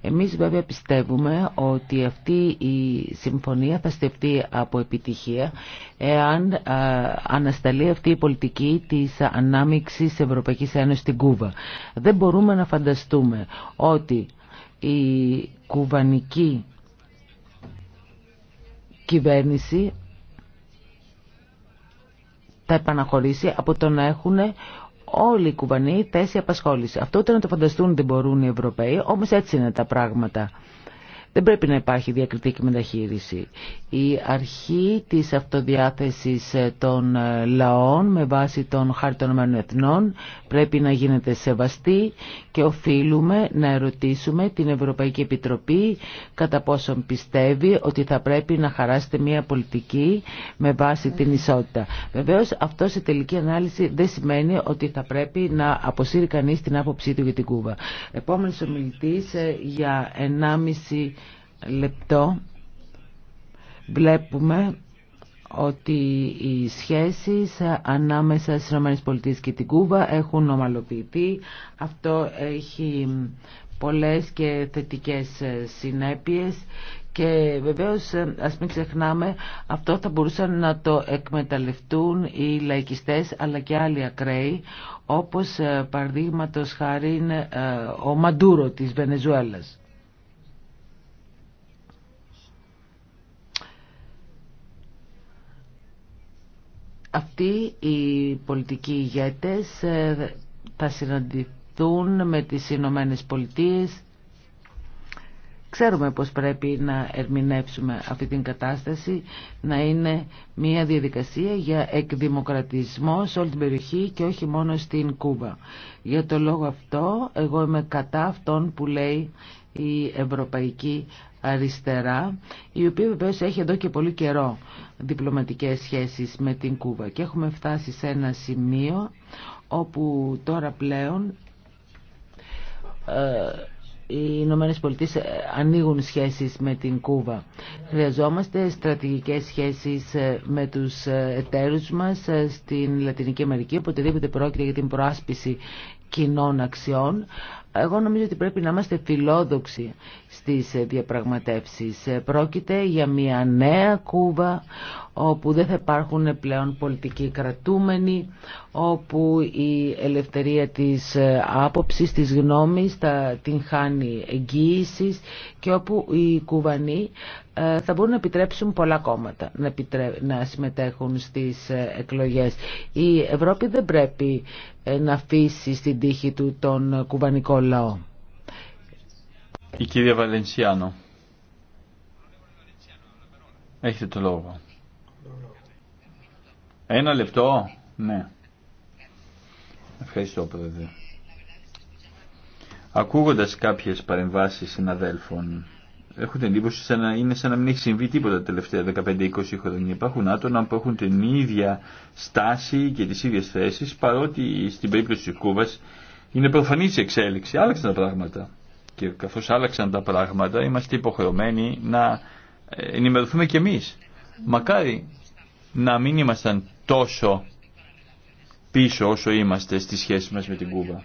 Εμείς βέβαια πιστεύουμε ότι αυτή η συμφωνία θα στεφτεί από επιτυχία εάν ανασταλεί αυτή η πολιτική της ανάμειξης Ευρωπαϊκής Ένωσης στην Κούβα. Δεν μπορούμε να φανταστούμε ότι η κουβανική κυβέρνηση τα επαναχωρήσει από το να έχουν όλοι οι Κουβανοί θέση απασχόληση. Αυτό ούτε να το φανταστούν δεν μπορούν οι Ευρωπαίοι, όμως έτσι είναι τα πράγματα. Δεν πρέπει να υπάρχει διακριτική μεταχείριση. Η αρχή της αυτοδιάθεσης ε, των ε, λαών με βάση των χάρτων των Εθνών πρέπει να γίνεται σεβαστή και οφείλουμε να ερωτήσουμε την Ευρωπαϊκή Επιτροπή κατά πόσον πιστεύει ότι θα πρέπει να χαράσετε μια πολιτική με βάση την ισότητα. Βεβαίως αυτό σε τελική ανάλυση δεν σημαίνει ότι θα πρέπει να αποσύρει κανείς την άποψή του για την Κούβα. Επόμενος ομιλητής ε, για 1,5 λεπτό βλέπουμε ότι οι σχέσεις ανάμεσα στις ΗΠΑ και την Κούβα έχουν ομαλοποιηθεί. Αυτό έχει πολλές και θετικές συνέπειες και βεβαίως ας μην ξεχνάμε αυτό θα μπορούσαν να το εκμεταλλευτούν οι λαϊκιστές αλλά και άλλοι ακραίοι όπως ε, παραδείγματος χάρη ε, ο Μαντούρο της Βενεζουέλας. Αυτοί οι πολιτικοί ηγέτες ε, θα συναντηθούν με τις Ηνωμένε Πολιτείες. Ξέρουμε πως πρέπει να ερμηνεύσουμε αυτή την κατάσταση, να είναι μια διαδικασία για εκδημοκρατισμό σε όλη την περιοχή και όχι μόνο στην Κούβα. Για το λόγο αυτό, εγώ είμαι κατά αυτόν που λέει η Ευρωπαϊκή αριστερά, η οποία βεβαίω έχει εδώ και πολύ καιρό διπλωματικές σχέσεις με την Κούβα. Και έχουμε φτάσει σε ένα σημείο όπου τώρα πλέον ε, οι Ηνωμένε Πολιτείε ε, ανοίγουν σχέσεις με την Κούβα. Χρειαζόμαστε στρατηγικές σχέσεις ε, με τους εταίρους μας στην Λατινική Αμερική, οποτεδήποτε πρόκειται για την προάσπιση κοινών αξιών, εγώ νομίζω ότι πρέπει να είμαστε φιλόδοξοι στις ε, διαπραγματεύσεις. Ε, πρόκειται για μια νέα Κούβα όπου δεν θα υπάρχουν πλέον πολιτικοί κρατούμενοι, όπου η ελευθερία της ε, άποψης, της γνώμης θα την χάνει εγγύησης και όπου οι κουβανοί ε, θα μπορούν να επιτρέψουν πολλά κόμματα να συμμετέχουν στις ε, εκλογές. Η Ευρώπη δεν πρέπει να αφήσει στην τύχη του τον κουβανικό λαό.
Η κυρία Βαλενσιάνο. Έχετε το λόγο. Ένα λεπτό, ναι. Ευχαριστώ, Πρόεδρε. Ακούγοντας κάποιες παρεμβάσεις συναδέλφων, έχω την εντύπωση σαν να είναι σαν να μην έχει συμβεί τίποτα τα τελευταία 15-20 χρόνια. Υπάρχουν άτομα που έχουν την ίδια στάση και τις ίδιες θέσεις, παρότι στην περίπτωση της Κούβας είναι προφανής η εξέλιξη, άλλαξαν τα πράγματα. Και καθώς άλλαξαν τα πράγματα, είμαστε υποχρεωμένοι να ενημερωθούμε κι εμείς. Μακάρι να μην ήμασταν τόσο πίσω όσο είμαστε στη σχέση μας με την Κούβα.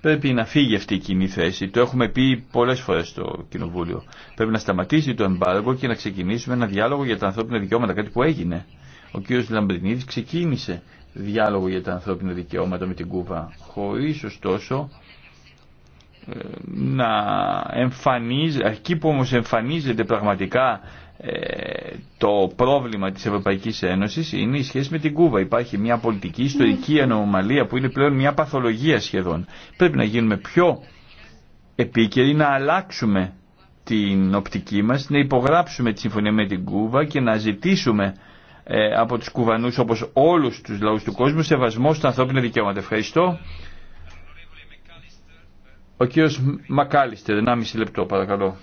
Πρέπει να φύγει αυτή η κοινή θέση. Το έχουμε πει πολλές φορές στο Κοινοβούλιο. Πρέπει να σταματήσει το εμπάργο και να ξεκινήσουμε ένα διάλογο για τα ανθρώπινα δικαιώματα, κάτι που έγινε. Ο κ. Λαμπρινίδης ξεκίνησε διάλογο για τα ανθρώπινα δικαιώματα με την Κούβα, χωρίς ωστόσο ε, να εμφανίζεται, εκεί που όμως εμφανίζεται πραγματικά ε, το πρόβλημα της Ευρωπαϊκής Ένωσης είναι η σχέση με την Κούβα. Υπάρχει μια πολιτική ιστορική ναι. ανομαλία που είναι πλέον μια παθολογία σχεδόν. Πρέπει να γίνουμε πιο επίκαιροι, να αλλάξουμε την οπτική μας, να υπογράψουμε τη συμφωνία με την Κούβα και να ζητήσουμε ε, από τους Κουβανούς όπως όλους τους λαούς του κόσμου σεβασμό στα ανθρώπινα δικαιώματα. Ευχαριστώ. Ο κύριος Μακάλιστερ, 1,5 λεπτό παρακαλώ.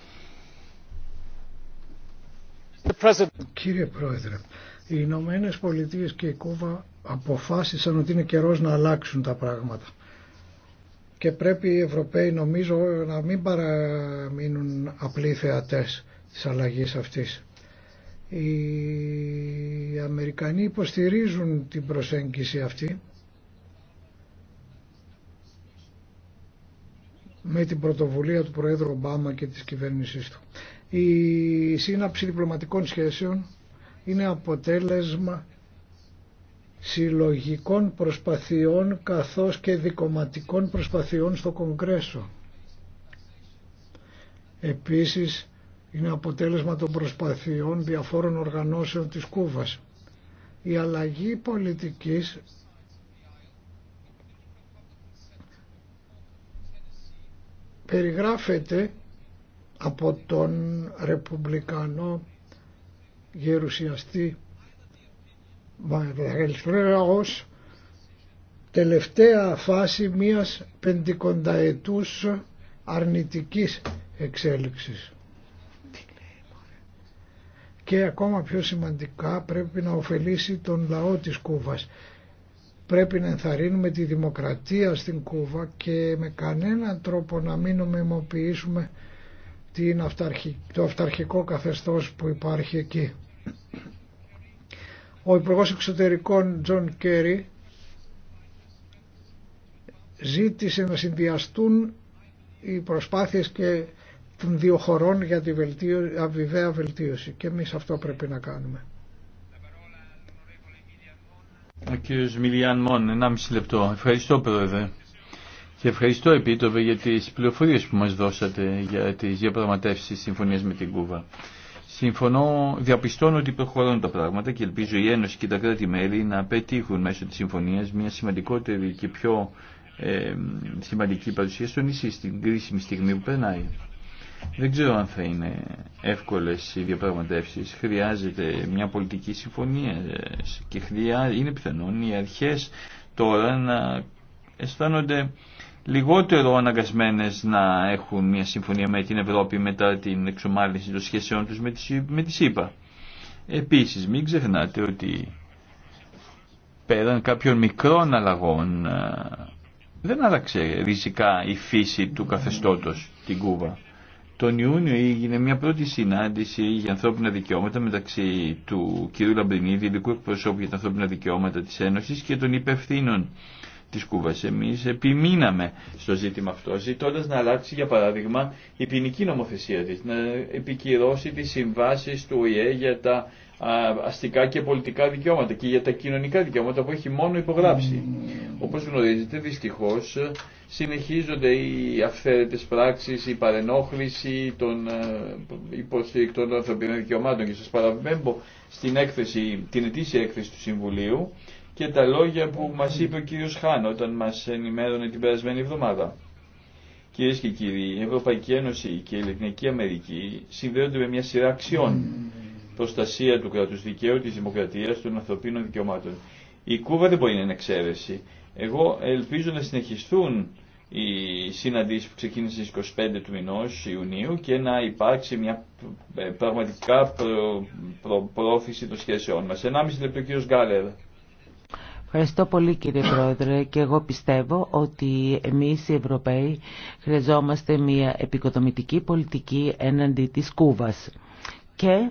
Κύριε Πρόεδρε, οι Ηνωμένε Πολιτείε και η Κούβα αποφάσισαν ότι είναι καιρός να αλλάξουν τα πράγματα. Και πρέπει οι Ευρωπαίοι νομίζω να μην παραμείνουν απλοί θεατές της αλλαγής αυτής. Οι Αμερικανοί υποστηρίζουν την προσέγγιση αυτή με την πρωτοβουλία του Προέδρου Ομπάμα και της κυβέρνησής του. Η σύναψη διπλωματικών σχέσεων είναι αποτέλεσμα συλλογικών προσπαθειών καθώς και δικοματικών προσπαθειών στο Κογκρέσο. Επίσης είναι αποτέλεσμα των προσπαθειών διαφόρων οργανώσεων της Κούβας. Η αλλαγή πολιτικής περιγράφεται από τον Ρεπουμπλικανό γερουσιαστή Μαγελθρέαος τελευταία φάση μιας πεντηκονταετούς αρνητικής εξέλιξης. Και ακόμα πιο σημαντικά πρέπει να ωφελήσει τον λαό της Κούβας πρέπει να ενθαρρύνουμε τη δημοκρατία στην Κούβα και με κανέναν τρόπο να μην νομιμοποιήσουμε την το αυταρχικό καθεστώς που υπάρχει εκεί. Ο Υπουργός Εξωτερικών Τζον Κέρι ζήτησε να συνδυαστούν οι προσπάθειες και των δύο χωρών για τη βελτίωση, αβιβαία βελτίωση και εμείς αυτό πρέπει να κάνουμε.
Ο κύριος Μιλιάν Μόν, 1,5 λεπτό. Ευχαριστώ πρόεδρε. Και ευχαριστώ επίτροπε για τι πληροφορίε που μα δώσατε για διαπραγματεύσει τη συμφωνία με την Κούβα. Συμφωνώ, διαπιστώνω ότι προχωρούν τα πράγματα και ελπίζω η Ένωση και τα κράτη-μέλη να πετύχουν μέσω τη συμφωνία. μια σημαντικότερη και πιο ε, σημαντική παρουσία στο νησί στην κρίσιμη στιγμή που περνάει. Δεν ξέρω αν θα είναι εύκολες οι διαπραγματεύσεις. Χρειάζεται μια πολιτική συμφωνία ε, και χρειά... είναι πιθανόν οι αρχές τώρα να αισθάνονται λιγότερο αναγκασμένες να έχουν μια συμφωνία με την Ευρώπη μετά την εξομάλυνση των σχέσεών τους με τη, με τη ΣΥΠΑ. Επίσης μην ξεχνάτε ότι πέραν κάποιων μικρών αλλαγών ε, δεν άλλαξε ριζικά η φύση του καθεστώτος την Κούβα. Τον Ιούνιο έγινε μια πρώτη συνάντηση για ανθρώπινα δικαιώματα μεταξύ του κ. Λαμπρινίδη, ειδικού εκπροσώπου για τα ανθρώπινα δικαιώματα της Ένωσης και των υπευθύνων της Κούβας. Εμείς επιμείναμε στο ζήτημα αυτό, ζητώντα να αλλάξει για παράδειγμα η ποινική νομοθεσία της, να επικυρώσει τις συμβάσεις του ΟΗΕ για τα αστικά και πολιτικά δικαιώματα και για τα κοινωνικά δικαιώματα που έχει μόνο υπογράψει. Mm. Όπως γνωρίζετε δυστυχώς συνεχίζονται οι αυθαίρετες πράξεις, η παρενόχληση των ε, υποστηρικτών των ανθρωπίνων δικαιωμάτων και σας παραπέμπω στην έκθεση, την ετήσια έκθεση του Συμβουλίου και τα λόγια που μας είπε ο κ. Χάν όταν μας ενημέρωνε την περασμένη εβδομάδα. Κυρίε και κύριοι, η Ευρωπαϊκή Ένωση και η Ελληνική Αμερική συνδέονται με μια σειρά αξιών mm προστασία του κρατου δικαίου, τη δημοκρατία των ανθρωπίνων δικαιωμάτων. Η Κούβα δεν μπορεί να είναι εξαίρεση. Εγώ ελπίζω να συνεχιστούν οι συναντήσει που ξεκίνησαν στις 25 του μηνό Ιουνίου και να υπάρξει μια ε, πραγματικά προ, των σχέσεών μας. 1,5 λεπτό κύριο Γκάλερ.
Ευχαριστώ πολύ κύριε Πρόεδρε και εγώ πιστεύω ότι εμείς οι Ευρωπαίοι χρειαζόμαστε μια επικοδομητική πολιτική έναντι της Κούβας και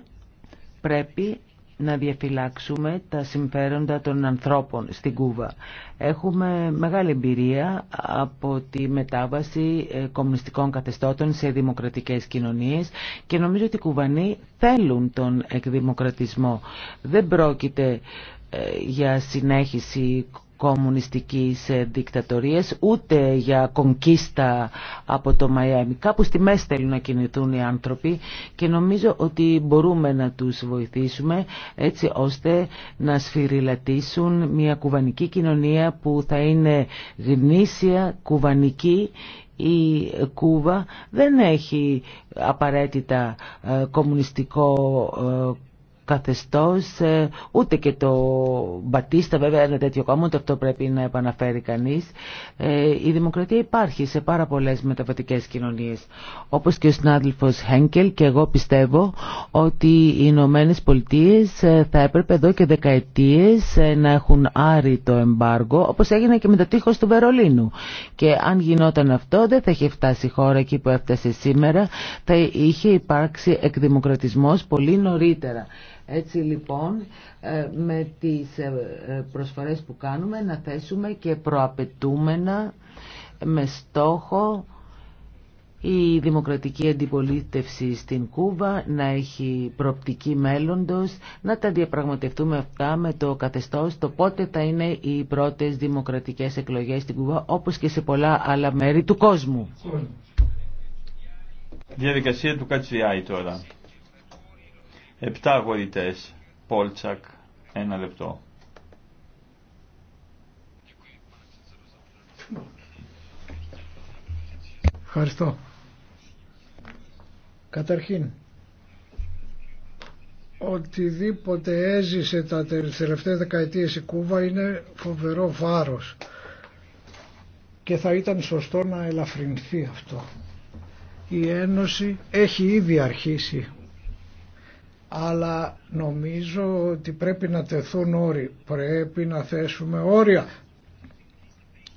πρέπει να διαφυλάξουμε τα συμφέροντα των ανθρώπων στην Κούβα. Έχουμε μεγάλη εμπειρία από τη μετάβαση ε, κομμουνιστικών καθεστώτων σε δημοκρατικές κοινωνίες και νομίζω ότι οι Κουβανοί θέλουν τον εκδημοκρατισμό. Δεν πρόκειται ε, για συνέχιση κομμουνιστικής ε, δικτατορίας ούτε για κονκίστα από το Μαϊάμι. Κάπου στη μέση θέλουν να κινηθούν οι άνθρωποι και νομίζω ότι μπορούμε να τους βοηθήσουμε έτσι ώστε να σφυριλατήσουν μια κουβανική κοινωνία που θα είναι γνήσια, κουβανική η Κούβα δεν έχει απαραίτητα ε, κομμουνιστικό ε, καθεστώς, ε, ούτε και το Μπατίστα βέβαια ένα τέτοιο κόμμα, το αυτό πρέπει να επαναφέρει κανείς. Ε, η δημοκρατία υπάρχει σε πάρα πολλές μεταβατικές κοινωνίες. Όπως και ο συνάδελφος Χένκελ και εγώ πιστεύω ότι οι Ηνωμένε Πολιτείε ε, θα έπρεπε εδώ και δεκαετίες να έχουν άρει το εμπάργο, όπως έγινε και με το τείχος του Βερολίνου. Και αν γινόταν αυτό δεν θα είχε φτάσει η χώρα εκεί που έφτασε σήμερα, θα είχε υπάρξει εκδημοκρατισμός πολύ νωρίτερα. Έτσι λοιπόν ε, με τις ε, ε, προσφορές που κάνουμε να θέσουμε και προαπαιτούμενα με στόχο η δημοκρατική αντιπολίτευση στην Κούβα να έχει προοπτική μέλλοντος, να τα διαπραγματευτούμε αυτά με το καθεστώς, το πότε θα είναι οι πρώτες δημοκρατικές εκλογές στην Κούβα, όπως και σε πολλά άλλα μέρη του κόσμου.
Διαδικασία του Κατσιάη τώρα. Επτά αγορητές. Πόλτσακ, ένα λεπτό.
Ευχαριστώ. Καταρχήν, οτιδήποτε έζησε τα τελευταία δεκαετίες η Κούβα είναι φοβερό βάρος και θα ήταν σωστό να ελαφρυνθεί αυτό. Η Ένωση έχει ήδη αρχίσει αλλά νομίζω ότι πρέπει να τεθούν όροι, πρέπει να θέσουμε όρια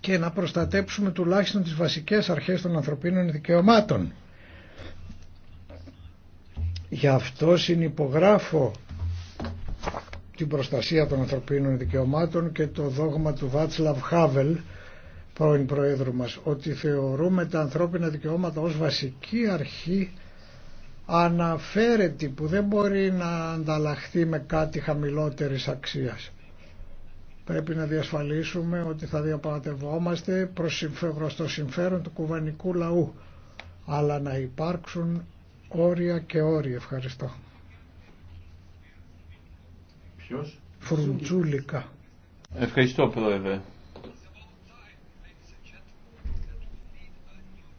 και να προστατέψουμε τουλάχιστον τις βασικές αρχές των ανθρωπίνων δικαιωμάτων. Γι' αυτό συνυπογράφω την προστασία των ανθρωπίνων δικαιωμάτων και το δόγμα του Βάτσλαβ Χάβελ, πρώην Προέδρου μας, ότι θεωρούμε τα ανθρώπινα δικαιώματα ως βασική αρχή αναφέρετη που δεν μπορεί να ανταλλαχθεί με κάτι χαμηλότερης αξίας. Πρέπει να διασφαλίσουμε ότι θα διαπαρατευόμαστε προς το συμφέρον του κουβανικού λαού αλλά να υπάρξουν όρια και όρια. Ευχαριστώ. Ποιος? Φρουντσούλικα.
Ευχαριστώ πρόεδρε.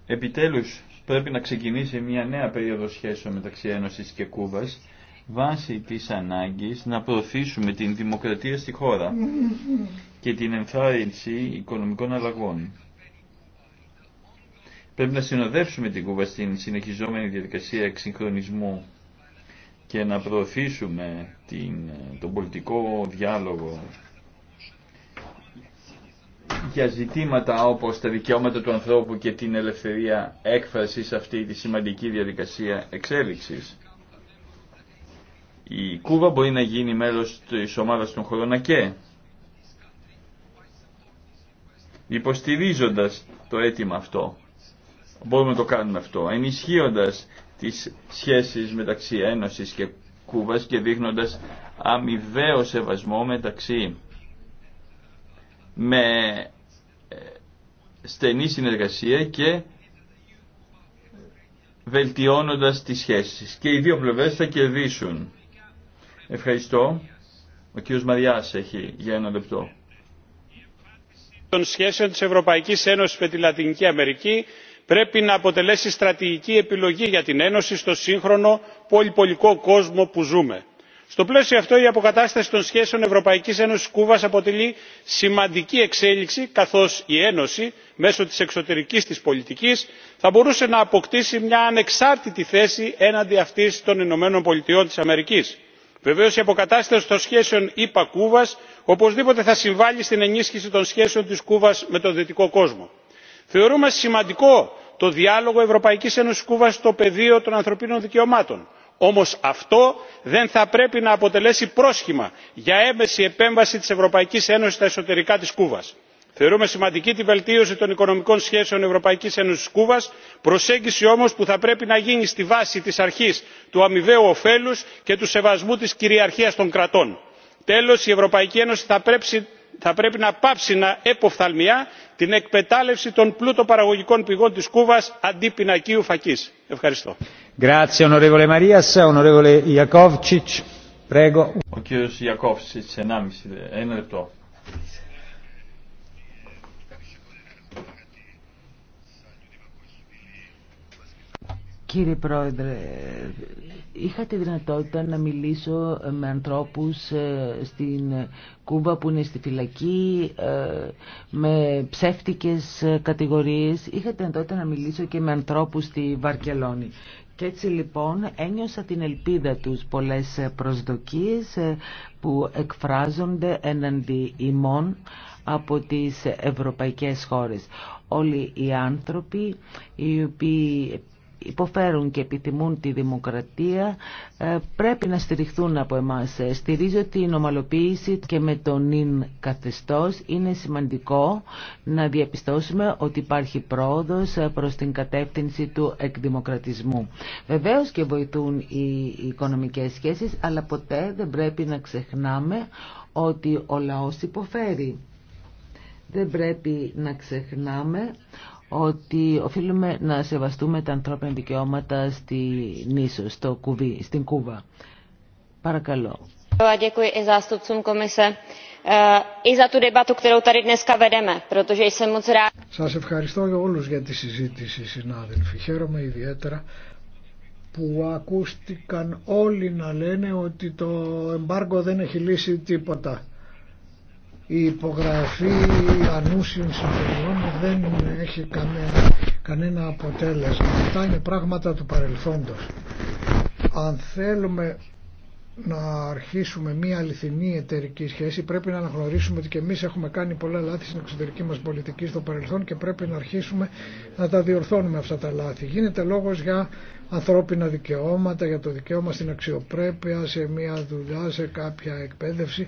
Επιτέλους πρέπει να ξεκινήσει μια νέα περίοδο σχέσεων μεταξύ Ένωσης και Κούβας βάσει της ανάγκης να προωθήσουμε την δημοκρατία στη χώρα και την ενθάρρυνση οικονομικών αλλαγών. Πρέπει να συνοδεύσουμε την Κούβα στην συνεχιζόμενη διαδικασία εξυγχρονισμού και να προωθήσουμε την, τον πολιτικό διάλογο για ζητήματα όπως τα δικαιώματα του ανθρώπου και την ελευθερία έκφρασης αυτή τη σημαντική διαδικασία εξέλιξης. Η Κούβα μπορεί να γίνει μέλος της ομάδας των χωρών ΑΚΕ, υποστηρίζοντας το αίτημα αυτό. Μπορούμε να το κάνουμε αυτό, ενισχύοντας τις σχέσεις μεταξύ Ένωσης και Κούβας και δείχνοντας αμοιβαίο σεβασμό μεταξύ με στενή συνεργασία και βελτιώνοντας τις σχέσεις. Και οι δύο πλευρές θα κερδίσουν. Ευχαριστώ. Ο κύριος Μαριάς έχει για ένα λεπτό. Των σχέσεων της Ευρωπαϊκής Ένωσης με τη Λατινική Αμερική
πρέπει να αποτελέσει στρατηγική επιλογή για την Ένωση στο σύγχρονο πολυπολικό κόσμο που ζούμε στο πλαίσιο αυτό η αποκατάσταση των σχέσεων Ευρωπαϊκή Ένωση Κούβα αποτελεί σημαντική εξέλιξη καθώ η ένωση μέσω τη εξωτερική τη πολιτική θα μπορούσε να αποκτήσει μια ανεξάρτητη θέση έναντι αυτής των ηνωμένων πολιτειών τη Αμερική. Βεβαίω η αποκατάσταση των σχέσεων ηπα κούβας οπωσδήποτε θα συμβάλει στην ενίσχυση των σχέσεων τη Κούβα με τον δυτικό κόσμο. θεωρούμε σημαντικό το διάλογο Ευρωπαϊκή Ένωση Κούβα στο πεδίο των ανθρωπίνων δικαιωμάτων όμως αυτό δεν θα πρέπει να αποτελέσει πρόσχημα για έμεση επέμβαση της ευρωπαϊκής ένωσης στα εσωτερικά της κούβας. θεωρούμε σημαντική τη βελτίωση των οικονομικών σχέσεων ευρωπαϊκής ένωσης κούβας προσέγγιση όμως που θα πρέπει να γίνει στη βάση της αρχής του αμοιβαίου ωφέλους και του σεβασμού της κυριαρχίας των κρατών. τέλος η ευρωπαϊκή ένωση θα πρέπει να πάψει να εποφθαλμιά την εκμετάλλευση των πλούτοπαραγωγικών πηγών
της κούβας αντί πινακίου φακής. ευχαριστώ.
Κύριε
Πρόεδρε, είχα τη δυνατότητα να μιλήσω με ανθρώπους ε, στην Κούβα που είναι στη φυλακή, ε, με ψεύτικες κατηγορίες. Είχα τη δυνατότητα να μιλήσω και με ανθρώπους στη Βαρκελόνη. Και έτσι λοιπόν ένιωσα την ελπίδα τους πολλές προσδοκίες ε, που εκφράζονται έναντι ημών από τις ευρωπαϊκές χώρες. Όλοι οι άνθρωποι οι οποίοι υποφέρουν και επιθυμούν τη δημοκρατία ε, πρέπει να στηριχθούν από εμάς. Ε, στηρίζω την ομαλοποίηση και με τον νυν καθεστώς. Είναι σημαντικό να διαπιστώσουμε ότι υπάρχει πρόοδος ε, προς την κατεύθυνση του εκδημοκρατισμού. Βεβαίως και βοηθούν οι οικονομικές σχέσεις, αλλά ποτέ δεν πρέπει να ξεχνάμε ότι ο λαός υποφέρει. Δεν πρέπει να ξεχνάμε ότι οφείλουμε να σεβαστούμε τα ανθρώπινα δικαιώματα στην νήσο, στο κουβί, στην Κούβα. Παρακαλώ.
Σας ευχαριστώ για όλους για τη συζήτηση συνάδελφοι. Χαίρομαι ιδιαίτερα που ακούστηκαν όλοι να λένε ότι το εμπάργκο δεν έχει λύσει τίποτα η υπογραφή ανούσιων συμφωνιών δεν έχει κανένα, κανένα αποτέλεσμα. Αυτά είναι πράγματα του παρελθόντος. Αν θέλουμε να αρχίσουμε μία αληθινή εταιρική σχέση πρέπει να αναγνωρίσουμε ότι και εμείς έχουμε κάνει πολλά λάθη στην εξωτερική μας πολιτική στο παρελθόν και πρέπει να αρχίσουμε να τα διορθώνουμε αυτά τα λάθη. Γίνεται λόγος για ανθρώπινα δικαιώματα, για το δικαίωμα στην αξιοπρέπεια, σε μία δουλειά, σε κάποια εκπαίδευση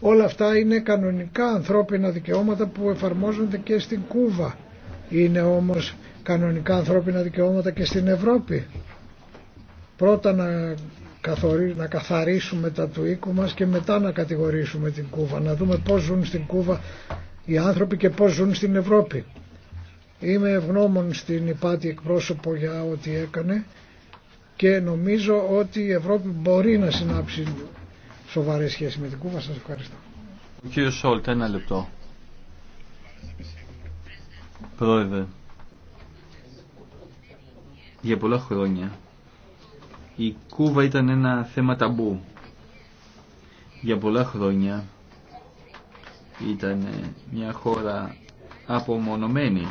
Όλα αυτά είναι κανονικά ανθρώπινα δικαιώματα που εφαρμόζονται και στην Κούβα. Είναι όμως κανονικά ανθρώπινα δικαιώματα και στην Ευρώπη. Πρώτα να, να καθαρίσουμε τα του οίκου μας και μετά να κατηγορήσουμε την Κούβα. Να δούμε πώς ζουν στην Κούβα οι άνθρωποι και πώς ζουν στην Ευρώπη. Είμαι ευγνώμων στην υπάτη εκπρόσωπο για ό,τι έκανε και νομίζω ότι η Ευρώπη μπορεί να συνάψει σοβαρή σχέση με την Κούβα. Σας ευχαριστώ.
Ο Σόλτ, ένα λεπτό. Πρόεδρε, για πολλά χρόνια η Κούβα ήταν ένα θέμα ταμπού. Για πολλά χρόνια ήταν μια χώρα απομονωμένη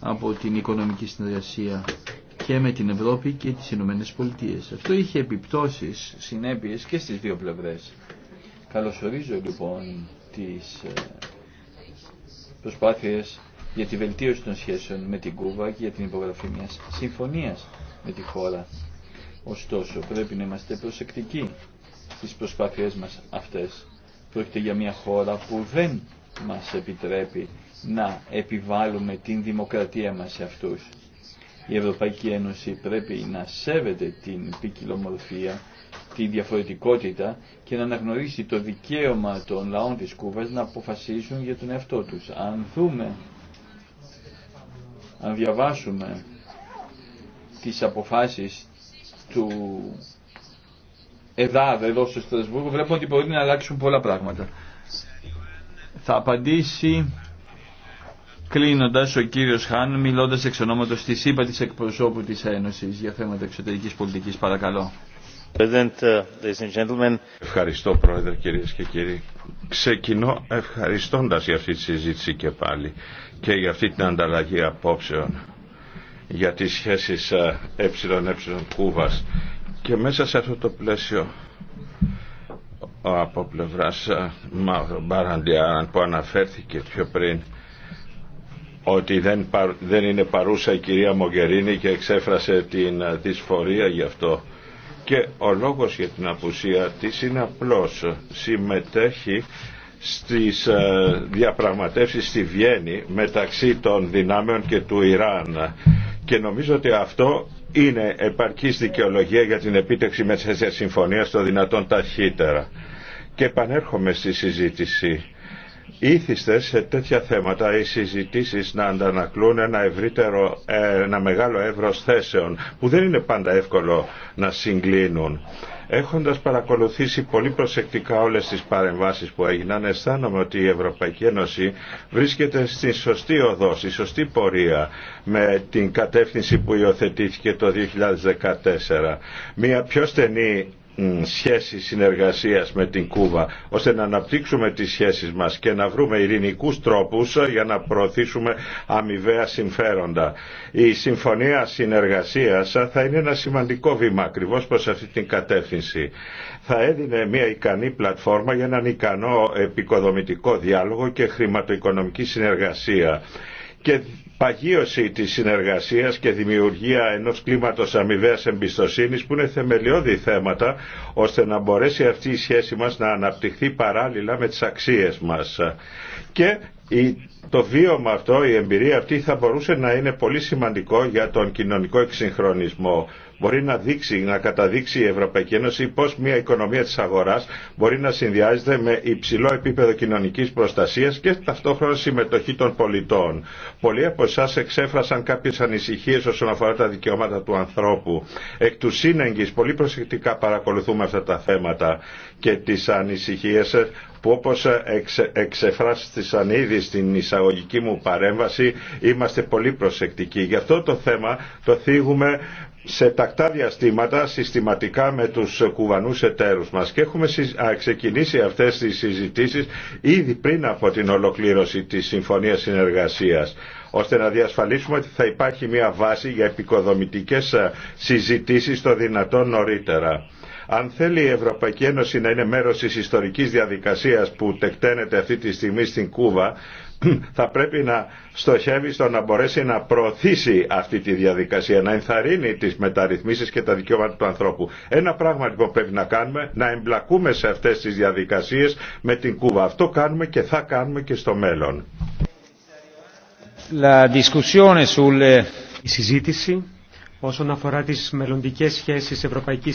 από την οικονομική συνεργασία και με την Ευρώπη και τις Ηνωμένε Πολιτείες. Αυτό είχε επιπτώσεις, συνέπειες και στις δύο πλευρές. Καλωσορίζω λοιπόν τις ε, προσπάθειες για τη βελτίωση των σχέσεων με την Κούβα και για την υπογραφή μιας συμφωνίας με τη χώρα. Ωστόσο, πρέπει να είμαστε προσεκτικοί στις προσπάθειές μας αυτές. Πρόκειται για μια χώρα που δεν μας επιτρέπει να επιβάλλουμε την δημοκρατία μας σε αυτούς. Η Ευρωπαϊκή Ένωση πρέπει να σέβεται την ποικιλομορφία τη διαφορετικότητα και να αναγνωρίσει το δικαίωμα των λαών της Κούβας να αποφασίσουν για τον εαυτό τους. Αν δούμε, αν διαβάσουμε τις αποφάσεις του ΕΔΑΔ εδώ στο Στρασβούργο, βλέπω ότι μπορεί να αλλάξουν πολλά πράγματα. Θα απαντήσει κλείνοντας ο κύριος Χάν μιλώντας εξ ονόματος της ΥΠΑ της εκπροσώπου της Ένωσης για θέματα εξωτερικής πολιτικής. Παρακαλώ. Uh, Ευχαριστώ Πρόεδρε κυρίες και κύριοι. Ξεκινώ ευχαριστώντας
για αυτή τη συζήτηση και πάλι και για αυτή την ανταλλαγή απόψεων για τις σχέσεις ΕΕ Κούβας και μέσα σε αυτό το πλαίσιο από πλευράς ε, Μπαραντιάραν που αναφέρθηκε πιο πριν ότι δεν, δεν είναι παρούσα η κυρία Μογκερίνη και εξέφρασε την ε, δυσφορία γι' αυτό και ο λόγος για την απουσία της είναι απλώς Συμμετέχει στις ε, διαπραγματεύσεις στη Βιέννη μεταξύ των δυνάμεων και του Ιράν. Και νομίζω ότι αυτό είναι επαρκής δικαιολογία για την επίτευξη σε συμφωνία το δυνατόν ταχύτερα. Και επανέρχομαι στη συζήτηση ήθιστε σε τέτοια θέματα οι συζητήσει να αντανακλούν ένα ευρύτερο, ε, μεγάλο εύρο θέσεων που δεν είναι πάντα εύκολο να συγκλίνουν. Έχοντας παρακολουθήσει πολύ προσεκτικά όλες τις παρεμβάσεις που έγιναν, αισθάνομαι ότι η Ευρωπαϊκή Ένωση βρίσκεται στη σωστή οδό, στη σωστή πορεία με την κατεύθυνση που υιοθετήθηκε το 2014. Μια πιο στενή σχέση συνεργασίας με την Κούβα ώστε να αναπτύξουμε τις σχέσεις μας και να βρούμε ειρηνικούς τρόπους ε, για να προωθήσουμε αμοιβαία συμφέροντα. Η συμφωνία συνεργασίας ε, θα είναι ένα σημαντικό βήμα ακριβώ προς αυτή την κατεύθυνση. Θα έδινε μια ικανή πλατφόρμα για έναν ικανό επικοδομητικό διάλογο και χρηματοοικονομική συνεργασία και παγίωση της συνεργασίας και δημιουργία ενός κλίματος αμοιβαίας εμπιστοσύνης που είναι θεμελιώδη θέματα ώστε να μπορέσει αυτή η σχέση μας να αναπτυχθεί παράλληλα με τις αξίες μας. Και το βίωμα αυτό, η εμπειρία αυτή θα μπορούσε να είναι πολύ σημαντικό για τον κοινωνικό εξυγχρονισμό μπορεί να δείξει, να καταδείξει η Ευρωπαϊκή Ένωση πώς μια οικονομία της αγοράς μπορεί να συνδυάζεται με υψηλό επίπεδο κοινωνικής προστασίας και ταυτόχρονα συμμετοχή των πολιτών. Πολλοί από εσά εξέφρασαν κάποιες ανησυχίες όσον αφορά τα δικαιώματα του ανθρώπου. Εκ του σύνεγγυς πολύ προσεκτικά παρακολουθούμε αυτά τα θέματα και τις ανησυχίες που όπως εξεφράστησαν ήδη στην εισαγωγική μου παρέμβαση είμαστε πολύ προσεκτικοί. Γι' αυτό το θέμα το θίγουμε σε τακτά διαστήματα συστηματικά με τους κουβανούς εταίρους μας και έχουμε ξεκινήσει αυτές τις συζητήσεις ήδη πριν από την ολοκλήρωση της Συμφωνίας Συνεργασίας ώστε να διασφαλίσουμε ότι θα υπάρχει μια βάση για επικοδομητικές συζητήσεις το δυνατόν νωρίτερα. Αν θέλει η Ευρωπαϊκή Ένωση να είναι μέρος της ιστορικής διαδικασίας που τεκταίνεται αυτή τη στιγμή στην Κούβα, θα πρέπει να στοχεύει στο να μπορέσει να προωθήσει αυτή τη διαδικασία, να ενθαρρύνει τι μεταρρυθμίσει και τα δικαιώματα του ανθρώπου. Ένα πράγμα λοιπόν πρέπει να κάνουμε, να εμπλακούμε σε αυτές τις διαδικασίες με την Κούβα. Αυτό κάνουμε και θα κάνουμε και στο μέλλον.
La discussione sulle... Η συζήτηση όσον αφορά τις μελλοντικές σχέσεις Ευρωπαϊκής